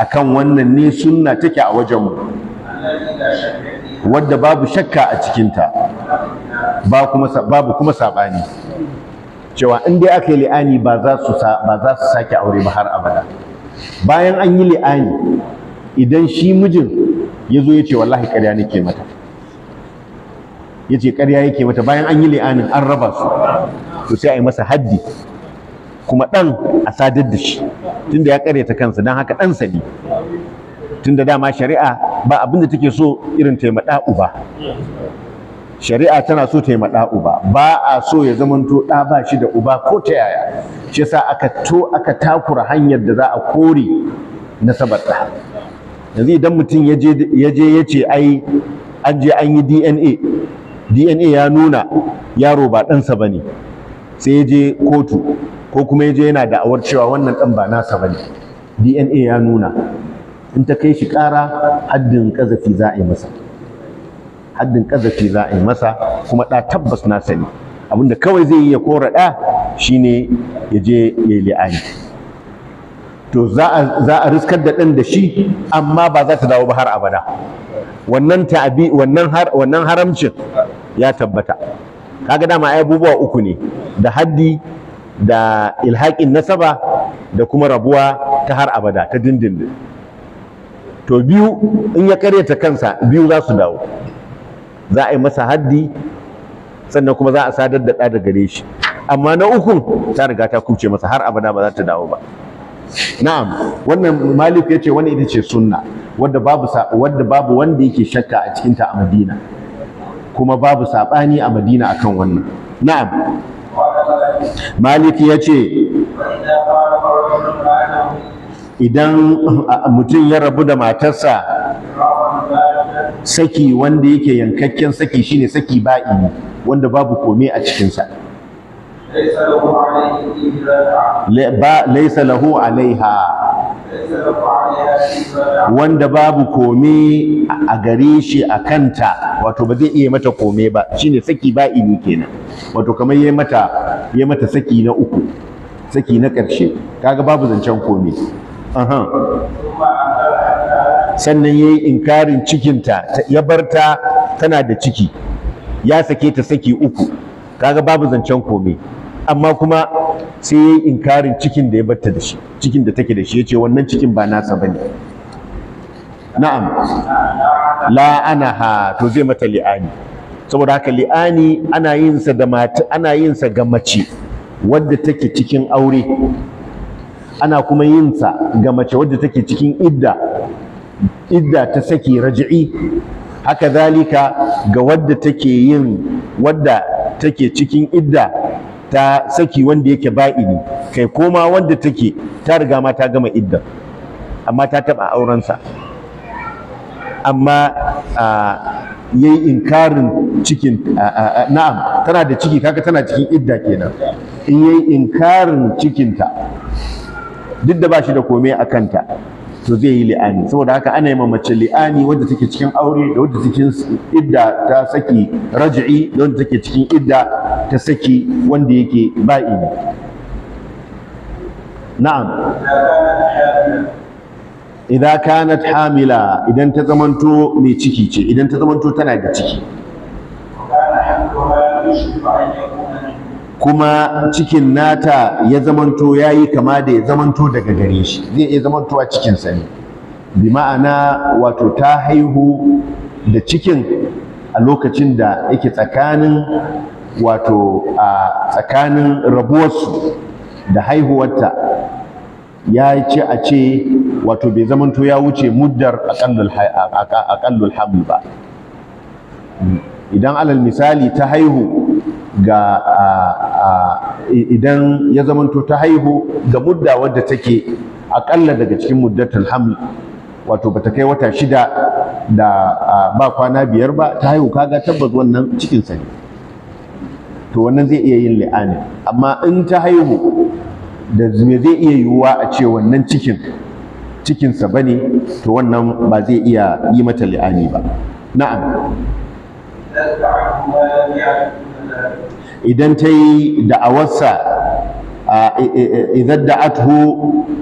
akan wannan ne sunna take a wajenmu wadda babu shakka a cikinta babu kuma saɓani cewa in dai aka yi li'ani ba za su sake aure ba har abada bayan an yi li'ani idan shi mijin ya zo ya ce wallahi ƙarya nake mata ya ce ƙarya yake mata bayan an yi li'anin an raba su to sai a yi masa haddi kuma ɗan a sadar da shi tunda ya ƙaryata kansa don haka ɗansa ne tunda dama shari'a ba abin da take so irin taimada uba shari'a tana so ta yi maɗa uba ba a so ya zamanto ɗa ba shi da uba ko ta yaya shi sa aka to aka takura hanyar da za a kore nasabar ɗa yanzu idan mutum ya je ya ce ai an je an yi dna dna ya nuna yaro ba ɗansa ba ne sai ya je kotu ko kuma ya je yana da'awar cewa wannan ɗan ba nasa ba ne dna ya nuna in ta kai shi ƙara haddin ƙazafi za a yi masa haddin ƙazafi za a yi masa kuma ɗa tabbas na sani abinda kawai zai yi ya kora ɗa shine ya je ya yi li'ani to za a riskar da ɗan da shi amma ba za ta dawo ba har abada wannan haramcin ya tabbata kaga dama ai abubuwa uku ne da haddi da ilhakin nasaba da kuma rabuwa ta har abada ta dindindin to biyu in ya karyata kansa biyu za su dawo za a yi masa haddi sannan kuma za a sadar da ɗa gare shi amma na ukun ta riga ta kuce masa har abada ba za ta dawo ba na'am wannan malik ce wani ita ce sunna wadda babu wanda yake shakka a cikin ta a Madina kuma babu saɓani a Madina akan wannan na'am malik ce idan mutum ya rabu da matarsa saki wanda yake yankakken saki shine saki ba'i wanda babu komai a cikinsa laisa lahu alaiha wanda babu komai a gare shi a kanta wato ba zai iya mata komai ba shine saki ba'i ne kenan wato kamar yayi mata yayi mata saki na uku saki na ƙarshe kaga babu zancen komai aha sannan ya yi inkarin cikinta ya bar ta tana da ciki ya sake ta saki uku kaga babu zancen komai amma kuma sai ya yi inkarin cikin da ya bar ta da shi cikin da take da shi ya ce wannan cikin ba nasa ba ne na'am la'anaha to zai mata li'ani saboda haka li'ani ana yin sa da mata ana yin sa ga mace wadda take cikin aure ana kuma yin sa ga mace wadda take cikin idda idda ta saki raji'i haka zalika ga wadda take yin wadda take cikin idda ta saki wanda yake ba'ili kai koma wanda take ta riga ma ta gama idda amma ta taɓa aurensa amma ya yi inkarin cikin na'am tana da ciki kaka tana cikin idda kenan in ya yi inkarin cikinta duk da ba shi da komai a kanta to zai yi li'ani saboda haka ana yi ma mace li'ani wadda take cikin aure da wadda take idda ta saki raj'i da wadda take cikin idda ta saki wanda yake ba'i na'am idza kanat hamila idan ta zamanto mai ciki ce idan ta zamanto tana da ciki kuma cikin nata ya zamanto ya yi kama da ya zamanto daga gare shi zai iya zamantowa cikinsa ne bi ma'ana wato ta haihu da cikin a lokacin da yake tsakanin wato a tsakanin rabuwarsu da haihuwarta ya ce a ce wato bai zamanto ya wuce muddar aƙallul haml ba idan alal misali ta haihu ga idan ya zamanto ta haihu ga mudda wadda take akalla daga cikin muddatul haml wato bata kai wata shida da ba kwana biyar ba ta haihu kaga tabbas wannan cikin sa ne to wannan zai iya yin li'ani amma in ta haihu da me zai iya yiwuwa a ce wannan cikin cikin sa bane to wannan ba zai iya yi mata li'ani ba na'am idan ta yi da'awarsa idan da'athu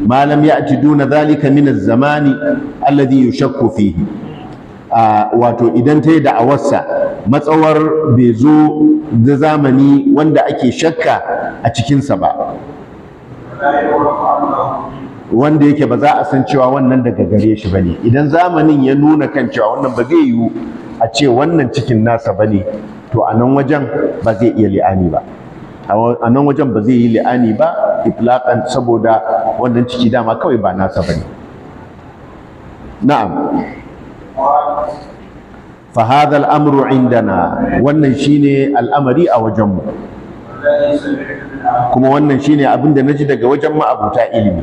ma lam ci duna zalika min az-zamani alladhi yushakku fihi wato idan ta yi da'awarsa matsawar bai zo da zamani wanda ake shakka a cikinsa ba wanda yake ba za a san cewa wannan daga gare shi bane idan zamanin ya nuna kan cewa wannan ba zai yiwu a ce wannan cikin nasa bane to a nan wajen ba zai iya li'ani ba a nan wajen ba zai yi li'ani ba itlaqan saboda wannan ciki dama kawai ba nasa bane na'am fa hadha al-amru indana wannan shine al'amari a wajenmu kuma wannan shine abin da naji daga wajen ma'abuta ilimi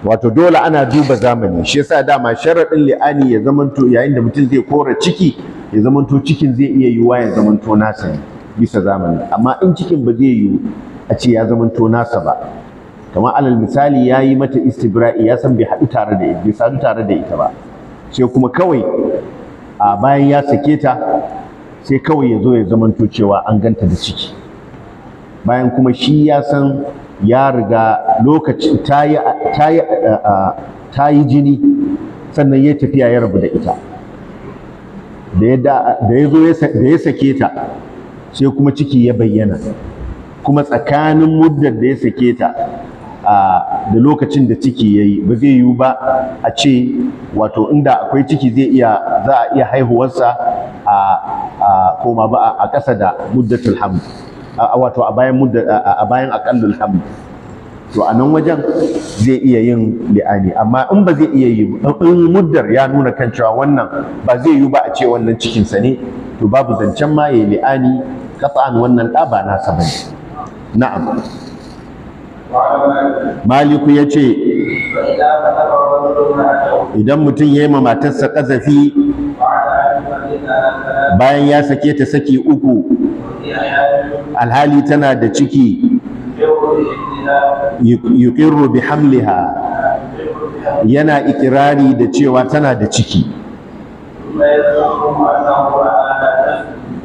wato dole ana duba zamani shi yasa dama sharadin li'ani ya zamanto yayin da mutum zai kora ciki ya zamanto cikin zai iya yiwuwa ya zamanto nasa ne bisa zamani amma in cikin ba zai yiwu a ce ya zamanto nasa ba kamar alal misali ya yi mata istibra'i ya san bai haɗu tare da bai sadu tare da ita ba sai kuma kawai a bayan ya sake ta sai kawai ya zo ya zamanto cewa an ganta da ciki bayan kuma shi ya san ya riga lokaci ta yi jini sannan ya tafiya ya rabu da ita da ya zo da ya sake ta sai kuma ciki ya bayyana kuma tsakanin muddar da ya sake ta da lokacin da ciki ya yi ba zai yiwu ba a ce wato inda akwai ciki zai iya za a iya haihuwarsa a koma ba a ƙasa da muddatul hamd wato a bayan a bayan hamd to a nan wajen zai iya yin li'ani amma in ba zai iya yi in muddar ya nuna kan cewa wannan ba zai yi ba a ce wannan cikinsa ne to babu zancen ma yayi li'ani kafa'an wannan da ba nasa ba na'am maliku ya ce idan mutum ya yi ma matarsa ƙazafi bayan ya sake ta saki uku alhali tana da ciki yuqirru bi yana ikirari da cewa tana da ciki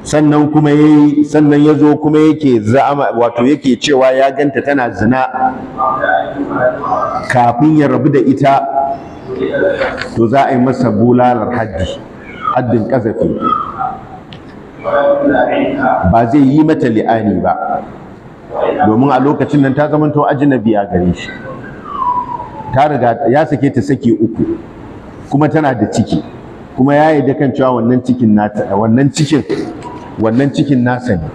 sannan kuma yayi sannan yazo kuma yake za'ama wato yake cewa ya ganta tana zina kafin ya rabu da ita to za a yi masa bulalar haddi haddin kazafi ba zai yi mata li'ani ba domin a lokacin nan ta zamanto ajnabi a gare shi ta riga ya sake ta sake uku kuma tana da ciki kuma ya yi kan cewa wannan cikin nata wannan cikin wannan cikin nasa ne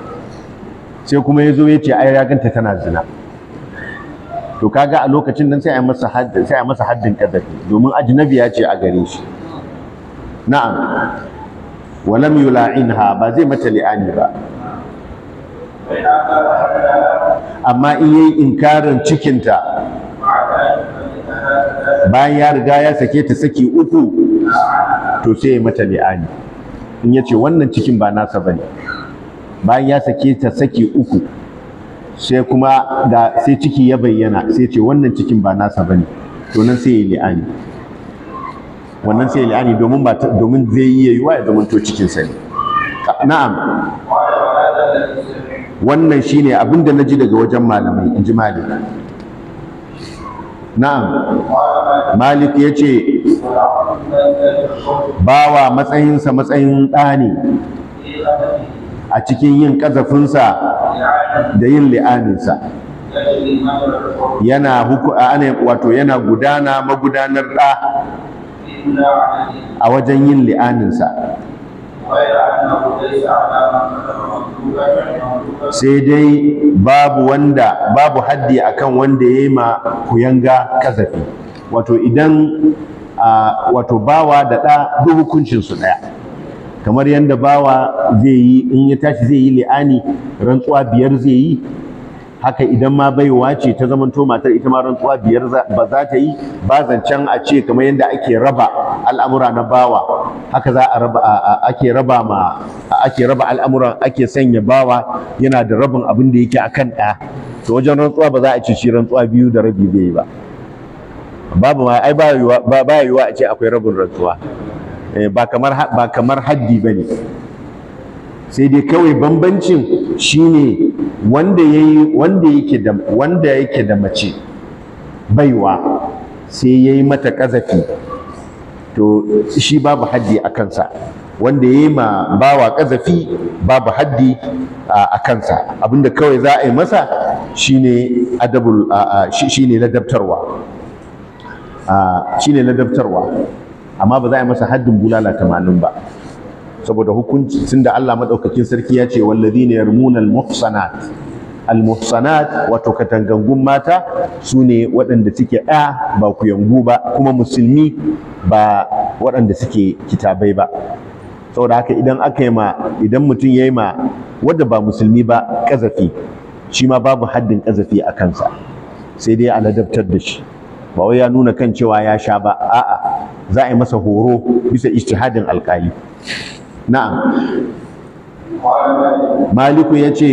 sai kuma ya zo ya ce ai ya ganta tana zina to kaga a lokacin nan sai a masa haddin sai a masa haddin kadafi domin ajnabi ya ce a gare shi na'am lam yula'inha ba zai mata li'ani ba amma in yi inkarin cikinta bayan ya riga ya sake ta saki uku to sai ya mata li'ani in ya ce wannan cikin ba nasa ba ne bayan ya sake ta saki uku sai kuma da sai ciki ya bayyana sai ce wannan cikin ba nasa ba ne to nan sai ya li'ani wannan sai ya li'ani domin zai iya yayuwa ya to cikinsa ne na'am wannan shine abin da na ji daga wajen malamai in ji malik na'am malik ya ce bawa matsayinsa matsayin ɗani a cikin yin ƙazafinsa da yin li'aninsa yana a wato yana gudana magudanar ɗa a wajen yin li'aninsa sai dai babu wanda babu haddi akan wanda ya yi ma kuyanga kasafi wato idan wato bawa da ɗa duk hukuncinsu ɗaya kamar yadda bawa zai yi in ya tashi zai yi li'ani rantsuwa biyar zai yi haka idan ma baiwa ce ta to matar ita ma rantsuwa biyar ba za ta yi ba zancen a ce kamar yadda ake raba al'amura na bawa haka za a raba ake raba ma ake raba al'amura ake sanya bawa yana da rabin abin da yake akan ɗa to wajen rantsuwa ba za a ce shi rantsuwa biyu da rabi zai yi ba babu ma ai ba yiwuwa a ce akwai rabin rantsuwa eh, ba kamar haddi bane sai dai kawai bambancin shi wanda wanda yake da mace baiwa sai yayi mata kazafi to shi babu haddi a kansa wanda yayi ma bawa kazafi babu haddi a kansa abinda kawai za a yi masa shine adabul shine ladabtarwa shine ladabtarwa amma ba za a yi masa haddin bulala tamanin ba saboda hukunci tunda Allah madaukakin sarki ya ce al yarmuna almuhsanat almuhsanat wato katangangun mata su ne waɗanda suke ɗa ba kuyangu ba kuma musulmi ba waɗanda suke kitabai ba saboda haka idan aka yi ma idan mutum ya yi ma wadda ba musulmi ba ƙazafi shi ma babu haddin ƙazafi a kansa sai dai a ladabtar da shi ba wai ya nuna kan cewa ya sha ba a'a za a yi masa horo bisa ijtihadin alƙali na'am maliku ya ce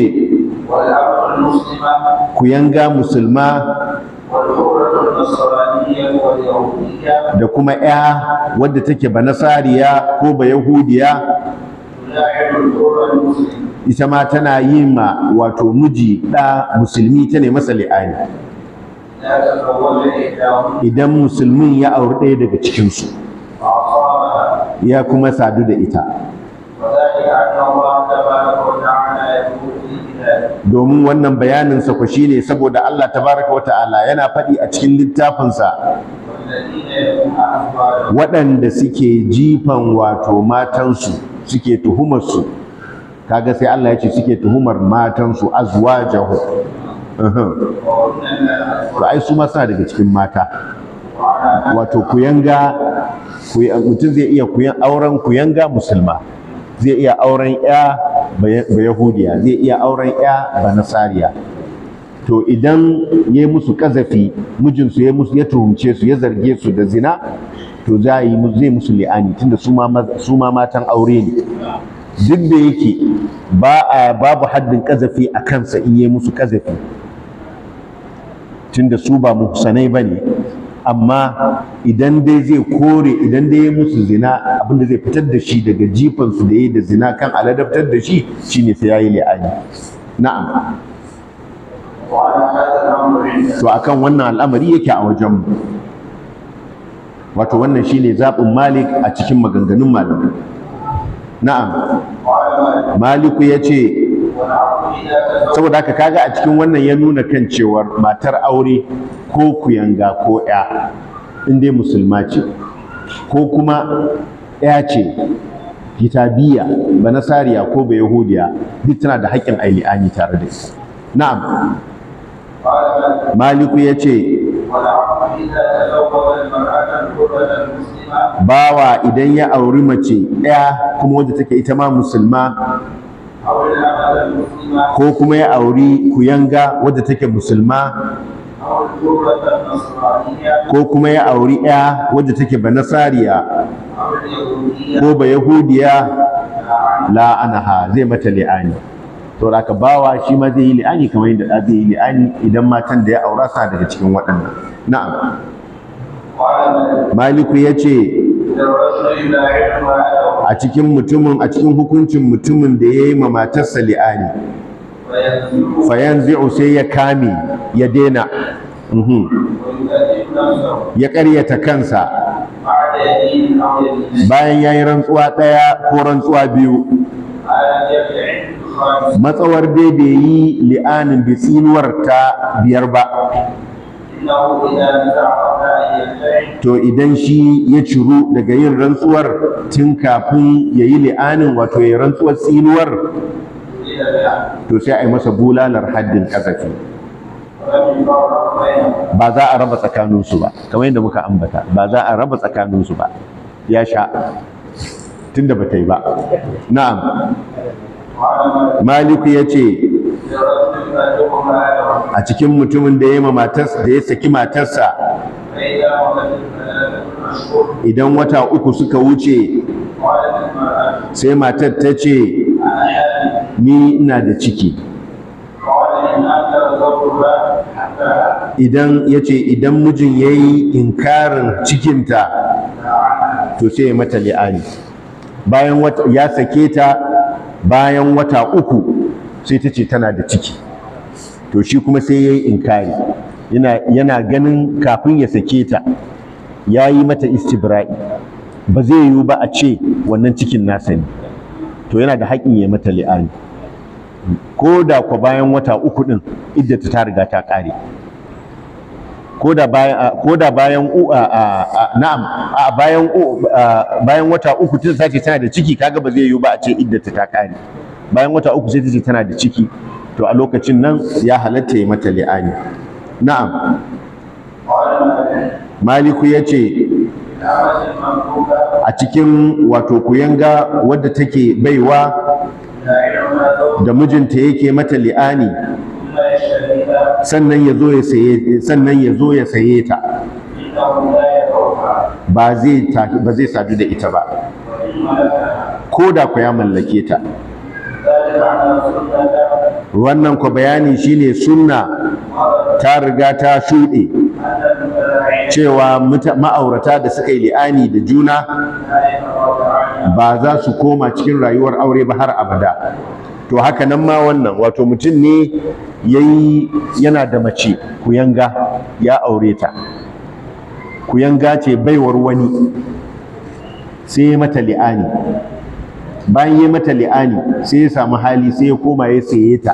ku yanga musulma da kuma ya wadda take ba nasariya ko ba yahudiya ita ma tana yi ma wato miji ɗa musulmi ta ne masa li'ani idan musulmin ya auri ɗaya daga cikinsu ya kuma sadu da ita domin wannan bayanin sa ku shine saboda Allah tabaraka wa ta'ala yana faɗi a cikin littafinsa waɗanda suke jifan wato matansu suke tuhumarsu kaga sai Allah ya ce suke tuhumar matansu azwajahu to ai su ma daga cikin mata wato ku yanga mutum zai iya kuyan auren kuyanga musulma zai iya auren ya bayahudiya zai iya auren ya banasariya to idan ya musu kazafi mijinsu ya musu ya tuhumce su ya zarge su da zina to za yi zai musu li'ani tunda su ma matan aure ne duk da yake ba babu haddin kazafi a kansa in ya musu kazafi tunda su ba muhsanai ba ne amma idan dai zai kore idan dai ya musu zina abinda zai fitar da shi daga jifansu da ya da zina kan aladabtar da shi shine sai yayi la'ani. na'am to akan wannan al'amari yake a wajen mu wato wannan shine zaɓin malik a cikin maganganun malamai na'am maliku ya ce saboda haka kaga a cikin wannan ya nuna kan cewar matar aure ko kuyanga ko ya in musulma ce ko kuma ya ce hitabiya banasariya ko ba yahudiya duk tana da haƙƙin aili'ani tare da su na'am maliku ya ce bawa idan ya auri mace ɗaya kuma wadda take ita ma musulma ko kuma ya auri kuyanga wadda take musulma ko kuma ya auri ya wadda take banasariya ko ba yahudiya la'anaha zai mata li'ani to haka bawa shi ma zai yi li'ani kamar yadda zai yi li'ani idan matan da ya aura sa daga cikin waɗannan na'am maliku ya ce a cikin a cikin hukuncin mutumin da ya yi ma matarsa li'ani Fayan fayanzi'u sai ya kame ya dena mhm. ya karyata kansa bayan ya yi rantsuwa ɗaya ko rantsuwa biyu matsawar dai bai yi li'anin bitsinuwar ta biyar ba to idan shi ya ciru daga yin rantsuwar tun kafin ya yi li'anin wato ya rantsuwar tsinuwar to sai a yi masa bulalar haddin ƙazafi ba za a raba tsakaninsu ba kamar yadda muka ambata ba za a raba tsakaninsu ba ya sha tunda ba ta yi ba na'am maliku ya ce a cikin mutumin da ya da ya saki matarsa idan wata uku suka wuce sai matar ta ce ni ina da ciki idan ya idan mijin ya yi inkarin cikinta to sai ya mata li'ani bayan wata, ya sake ta bayan wata uku sai ta ce tana da ciki to shi kuma sai ya yi inkari yana ganin kafin ya sake ta ya yi mata istibra'i ba zai yiwu ba a ce wannan cikin nasa ne to yana da haƙƙin ya mata li'ani ko da kwa bayan wata uku din iddata ta riga ta kare ko da bayan ko da bayan na'am a bayan bayan wata uku tun ta ce tana da ciki kaga ba zai yiwu ba a ce iddata ta kare bayan wata uku sai ta ce tana da ciki to a lokacin nan ya halatta yi mata li'ani na'am maliku ya ce a cikin wato kuyanga wadda take baiwa da mijinta yake mata li'ani sannan ya zo ya saye ta ba zai ba zai sadu da ita ba ko da ku ya mallake ta wannan ku bayani shine sunna ta riga ta shuɗe cewa ma'aurata da suka yi li'ani da juna ba za su koma cikin rayuwar aure ba har abada to haka nan ma wannan wato mutum ne yayi yana da mace kuyanga ya aure ta kuyanga ce baiwar wani sai ya mata li'ani bayan ya mata li'ani sai ya samu hali sai ya koma ya saye ta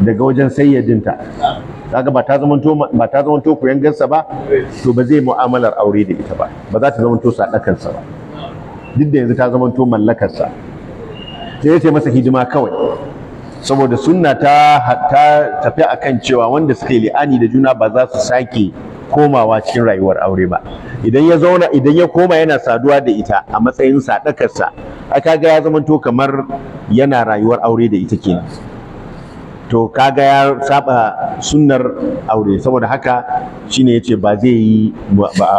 daga wajen sayyadinta kaga ba ta zamanto ba ta zamanto ba to ba zai mu'amalar aure da ita ba ba za ta zamanto sadakarsa ba duk da yanzu ta zama to mallakarsa sai ya ce masa hidima kawai saboda sunna ta ta tafi akan cewa wanda suka yi li'ani da juna ba za su sake komawa cikin rayuwar aure ba idan ya zauna idan ya koma yana saduwa da ita a matsayin sadakarsa aka ga ya zama to kamar yana rayuwar aure da ita kenan to kaga ya saba sunnar aure saboda haka shine yace ba zai yi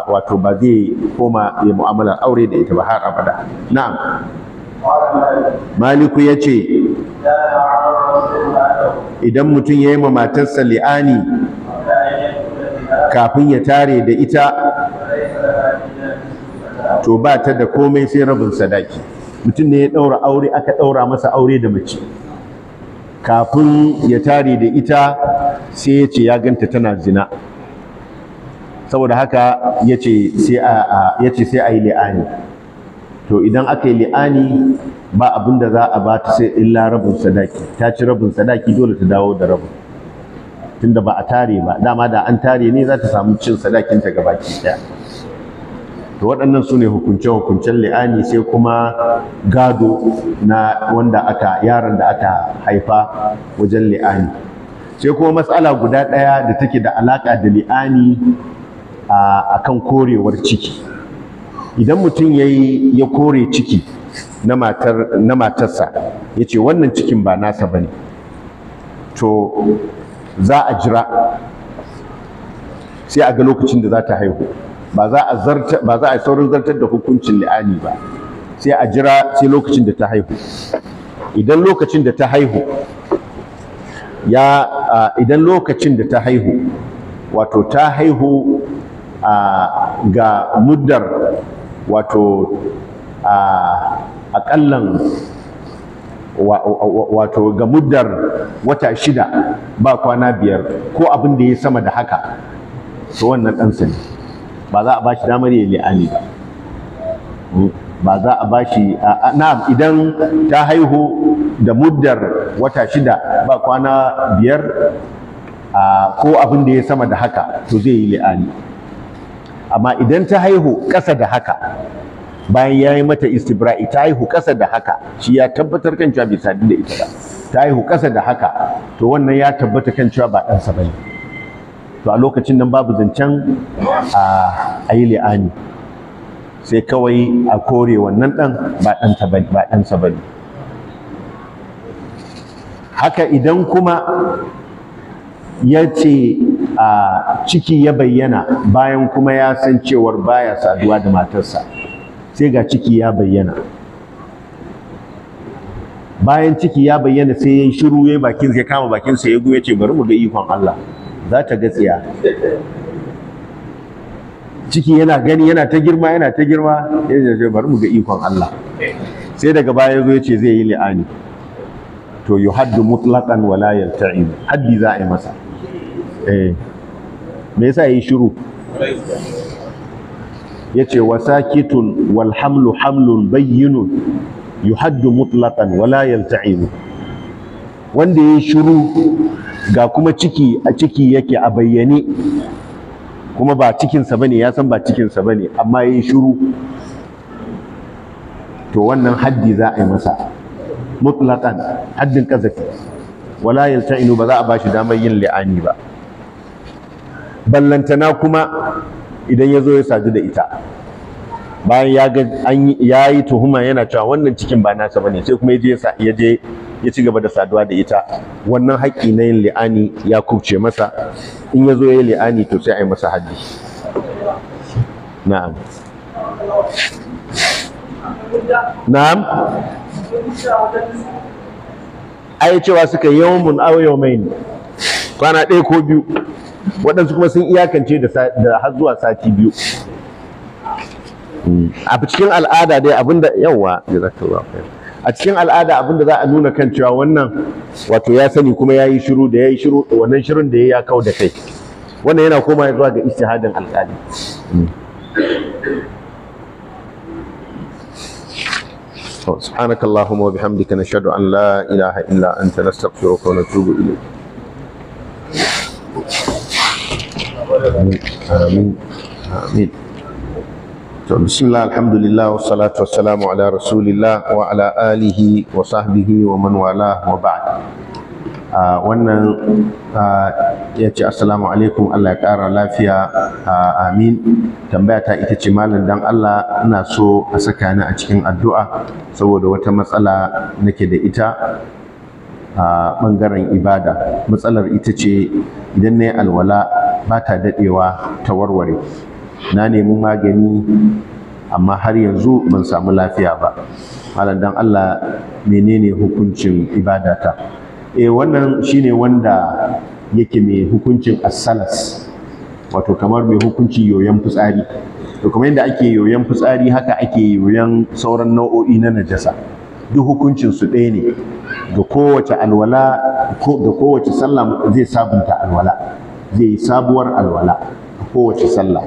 wato ba zai koma ya mu'amalar aure da ita ba har abada na'am maliku yace idan mutum ya yi ma matarsa li'ani kafin ya tare da ita to ba ta da komai sai rabin sadaki mutum ne ya daura aure aka daura masa aure da mace kafin ya tare da ita sai ya ce ya ganta tana zina saboda haka ya ce sai a yi li'ani to idan aka yi li'ani ba abin da za a ba ta sai illa rabin sadaki ta ci rabin sadaki dole ta dawo da rabin tunda ba a tare ba dama da an tare ne za ta samu cin sadakinta gabaki ɗaya to waɗannan su ne hukunce-hukuncen li'ani sai kuma gado na wanda aka yaron da aka haifa wajen li'ani sai kuma matsala guda ɗaya da take da alaƙa da li'ani a kan korewar ciki idan mutum ya ya kore ciki na matarsa ya ce wannan cikin ba nasa ba ne to za a jira sai a ga lokacin da za ta haihu ba za a saurin zartar da hukuncin la'ani ba sai a jira sai lokacin da ta haihu idan lokacin da ta haihu ya idan lokacin da ta haihu wato ta haihu ga muddar wato aƙallan wato ga muddar wata shida ba kwana biyar ko abin da ya sama da haka to wannan ɗansa ne ba za a ba shi damar ya li'ani ba hmm? ba za a ba shi na idan ta haihu da muddar wata shida ba kwana biyar ko abin da ya sama da haka to zai yi li'ani amma idan ta haihu ƙasa da haka bayan ya yi mata istibra'i ta haihu ƙasa da haka shi ya tabbatar kan cewa bai da ita ba ta haihu ƙasa da haka to wannan ya tabbata kan cewa ba ɗansa ba ne to a lokacin nan babu zancen a yi li'ani sai kawai a kore wannan ɗan ba ɗansa ba ne haka idan kuma ya ce a ciki ya bayyana bayan kuma ya san cewar baya saduwa da matarsa sai ga ciki ya bayyana bayan ciki ya bayyana sai ya shiru ya bakin ya kama bakinsa ya guya ce bari mu ga ikon Allah za ta gatsiya ciki yana gani yana ta girma yana ta girma ya ce bari mu ga ikon Allah sai daga baya zo ya ce zai yi li'ani to yi mutlaqan mutlaƙan walayar ta'in haddi za a yi masa eh me yasa yayi shiru yace wa wal hamlu hamlun bayyinun yi haddu mutlaƙan walayar ta'in wanda yayi shiru ga kuma ciki a ciki yake a bayyane kuma ba cikinsa bane ya san ba cikinsa bane amma ya yi shiru to wannan haddi za a yi masa mutlaqan haddin kazafi wala inu, ba za a bashi damar yin li'ani ba ballantana kuma idan ya zo ya sadu da ita bayan ya yi tuhuma yana cewa wannan cikin ba nasa bane sai kuma ya ya je ya ci gaba da saduwa da ita wannan haƙƙi na yin li'ani ya kubce masa in ya zo ya li'ani to sai a yi masa haddi na'am na'am yi cewa suka mun yi yawmun aw yawmain kwana ɗaya ko biyu waɗansu kuma sun iyakance da har zuwa sati biyu hmm. a cikin al'ada dai abinda yawa jazakallahu a cikin al'ada abin da za a nuna kan cewa wannan wato ya sani kuma ya yi shiru da ya yi shiru wannan shirin da ya ya kau da kai wannan yana koma zuwa ga istihadin alƙali سبحانك اللهم وبحمدك نشهد أن لا إله إلا أنت نستغفرك ونتوب إليك آمين آمين آمين to bismillah alhamdulillah wassalatu ala rasulillah wa ala alihi wa sahbihi wa man wala wa ba'd uh, wannan uh, ya ce assalamu alaikum Allah ya ƙara lafiya uh, amin tambaya ta ita ce malam dan Allah ina so a saka ni a cikin addu'a saboda wata matsala nake da ita a ɓangaren ibada matsalar ita ce idan na yi alwala ba ta daɗewa ta warware na nemi magani amma har yanzu ban samu lafiya ba malam dan Allah menene hukuncin ibadata eh wannan shine wanda yake mai hukuncin asalas wato kamar mai hukunci yoyon fitsari to kamar yadda ake yoyon fitsari haka ake yoyon sauran nau'o'i na najasa duk hukuncin su ɗaya ne ga kowace alwala da kowace sallah zai sabunta alwala zai yi sabuwar alwala kowace sallah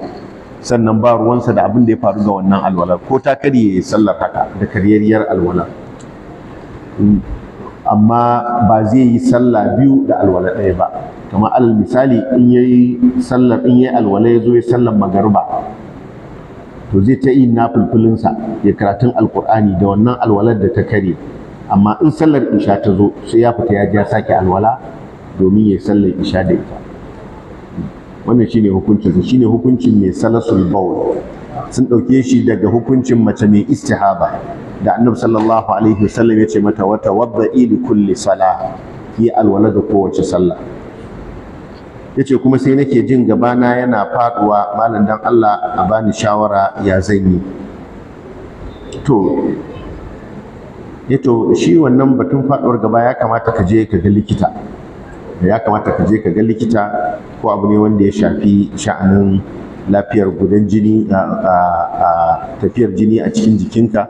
sannan ba ruwansa da abin da ya faru ga wannan alwalar ko ta karye sallar haka da karyayyar alwala amma ba zai yi sallah biyu da alwala ɗaya ba kamar alal misali in yayi sallar in yayi alwala ya zo ya sallar magariba to zai ta yi fulfulinsa ya karatun alkur'ani da wannan alwalar da ta kare amma in sallar isha ta zo sai ya fita ya ja sake alwala domin ya sallar isha da ita wannan shine hukuncin shine hukuncin mai salasul bawl sun ɗauke shi daga hukuncin mace mai istihaba da annabi sallallahu alaihi wasallam ya ce mata wata wadda ili kulli sala ki alwala da kowace sallah ya ce kuma sai nake jin gabana yana faduwa malam dan Allah a bani shawara ya zan yi to ya to shi wannan batun faduwar gaba ya kamata ka je ka ga likita ya kamata ka je ka ga likita ko abu ne wanda ya shafi sha'anin lafiyar gudan jini a tafiyar jini a cikin jikinka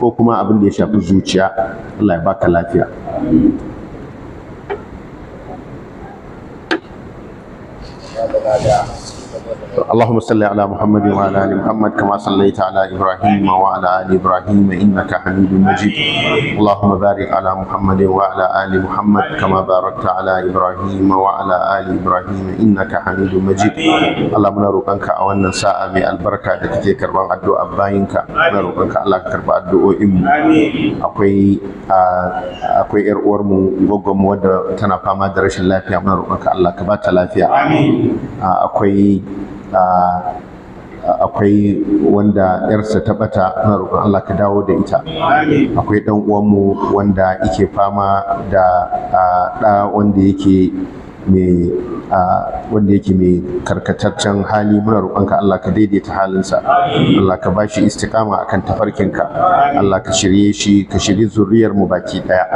ko kuma abin da ya shafi zuciya Allah ya baka lafiya اللهم صل على محمد وعلى ال محمد كما صليت على ابراهيم وعلى ال ابراهيم انك حميد مجيد اللهم بارك على محمد وعلى ال محمد كما باركت على ابراهيم وعلى ال ابراهيم انك حميد مجيد اللهم a wannan sa'a mai albarka da kake karban addu'a bayinka na roƙonka Allah ka addu'o'in mu akwai akwai uwar mu goggon mu wadda tana fama da rashin lafiya muna ka bata lafiya akwai wanda yarsa ta bata na roƙon Allah ka dawo da ita akwai dan uwanmu wanda yake fama da ɗa wanda yake mai wanda yake mai karkataccen hali muna roƙonka Allah ka daidaita halinsa Allah ka bashi istiqama akan tafarkinka Allah ka shirye shi ka shirye zuriyar mu baki daya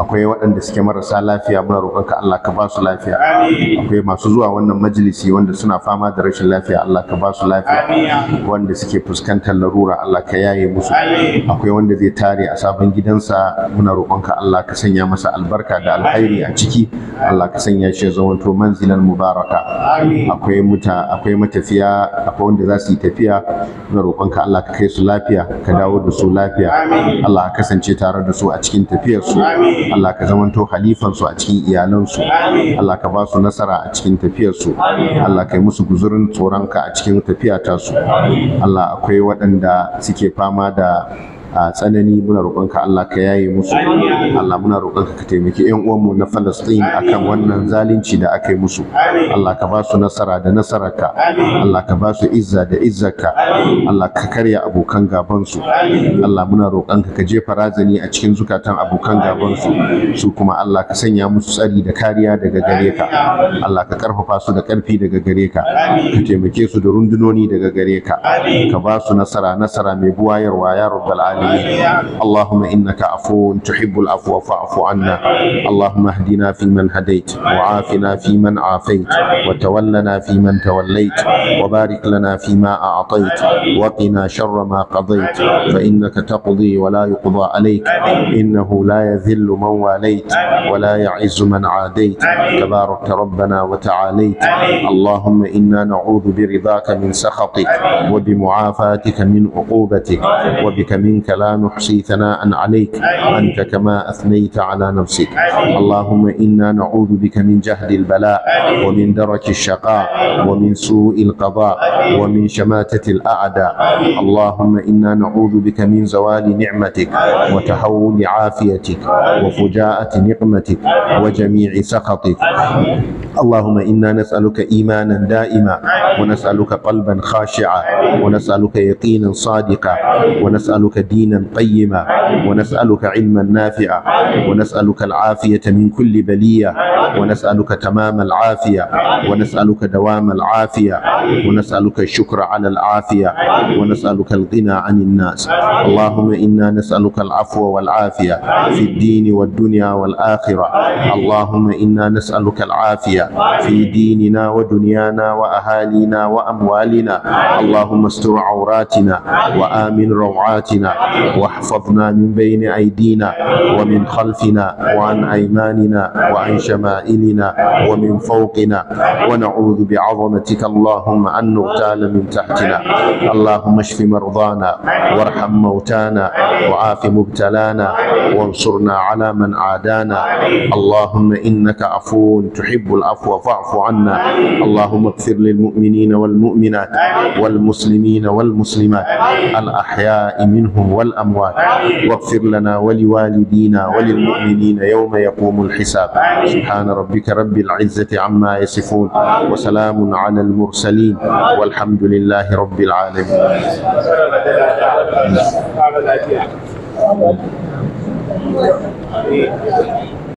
akwai waɗanda suke marasa lafiya muna roƙonka Allah ka basu su lafiya akwai masu zuwa wannan majalisi wanda suna fama da rashin lafiya Allah ka ba lafiya wanda suke fuskantar larura Allah ka yaye musu akwai wanda zai tare a sabon gidansa muna roƙonka Allah ka sanya masa albarka da alkhairi a ciki Allah ka sanya shi zamanto manzilan mubaraka akwai muta akwai matafiya akwai wanda za su yi tafiya muna roƙonka Allah ka kai su lafiya ka dawo da su lafiya Allah ka kasance tare da su a cikin tafiyar su Allah ka zamanto halifan su a cikin iyalan su Allah ka ba su nasara a cikin tafiyar su Allah kai musu guzurin tsoronka a cikin tafiya ta su Allah akwai waɗanda suke fama da a tsanani muna roƙonka Allah ka yaye musu Allah muna roƙonka ka taimaki ƴan uwanmu na Palestine akan wannan zalunci da aka yi musu Allah ka ba su nasara da nasararka Allah ka ba su izza da izzarka Allah ka karya abokan gaban su Allah muna roƙonka ka jefa razani a cikin zukatan abokan gaban su su kuma Allah ka sanya musu tsari da kariya daga gare ka Allah ka karfafa su da karfi daga gare ka ka taimake su da rundunoni daga gare ka ka ba su nasara nasara mai buwayarwa ya rabbal alamin العالمين اللهم إنك عفو تحب العفو فاعف عنا اللهم اهدنا فيمن هديت وعافنا فيمن عافيت وتولنا فيمن توليت وبارك لنا فيما أعطيت وقنا شر ما قضيت فإنك تقضي ولا يقضى عليك إنه لا يذل من واليت ولا يعز من عاديت تبارك ربنا وتعاليت اللهم إنا نعوذ برضاك من سخطك وبمعافاتك من عقوبتك وبك منك لا نحصي ثناء عليك أنت كما أثنيت على نفسك اللهم إنا نعوذ بك من جهد البلاء ومن درك الشقاء ومن سوء القضاء ومن شماتة الأعداء اللهم إنا نعوذ بك من زوال نعمتك وتحول عافيتك وفجاءة نقمتك وجميع سخطك اللهم إنا نسألك إيمانا دائما ونسألك قلبا خاشعا ونسألك يقينا صادقا ونسألك دينا قيما ونسألك علما نافعا ونسألك العافية من كل بلية ونسألك تمام العافية ونسألك دوام العافية ونسألك الشكر على العافية ونسألك الغنى عن الناس اللهم إنا نسألك العفو والعافية في الدين والدنيا والآخرة اللهم إنا نسألك العافية في ديننا ودنيانا وأهالينا وأموالنا اللهم استر عوراتنا وآمن روعاتنا واحفظنا من بين أيدينا ومن خلفنا وعن أيماننا وعن شمائلنا ومن فوقنا ونعوذ بعظمتك اللهم أن نغتال من تحتنا اللهم اشف مرضانا وارحم موتانا وعاف مبتلانا وانصرنا على من عادانا اللهم إنك عفو تحب العفو والعفو فاعف عنا اللهم اغفر للمؤمنين والمؤمنات والمسلمين والمسلمات الأحياء منهم والأموات واغفر لنا ولوالدينا وللمؤمنين يوم يقوم الحساب سبحان ربك رب العزة عما يصفون وسلام على المرسلين والحمد لله رب العالمين Thank you.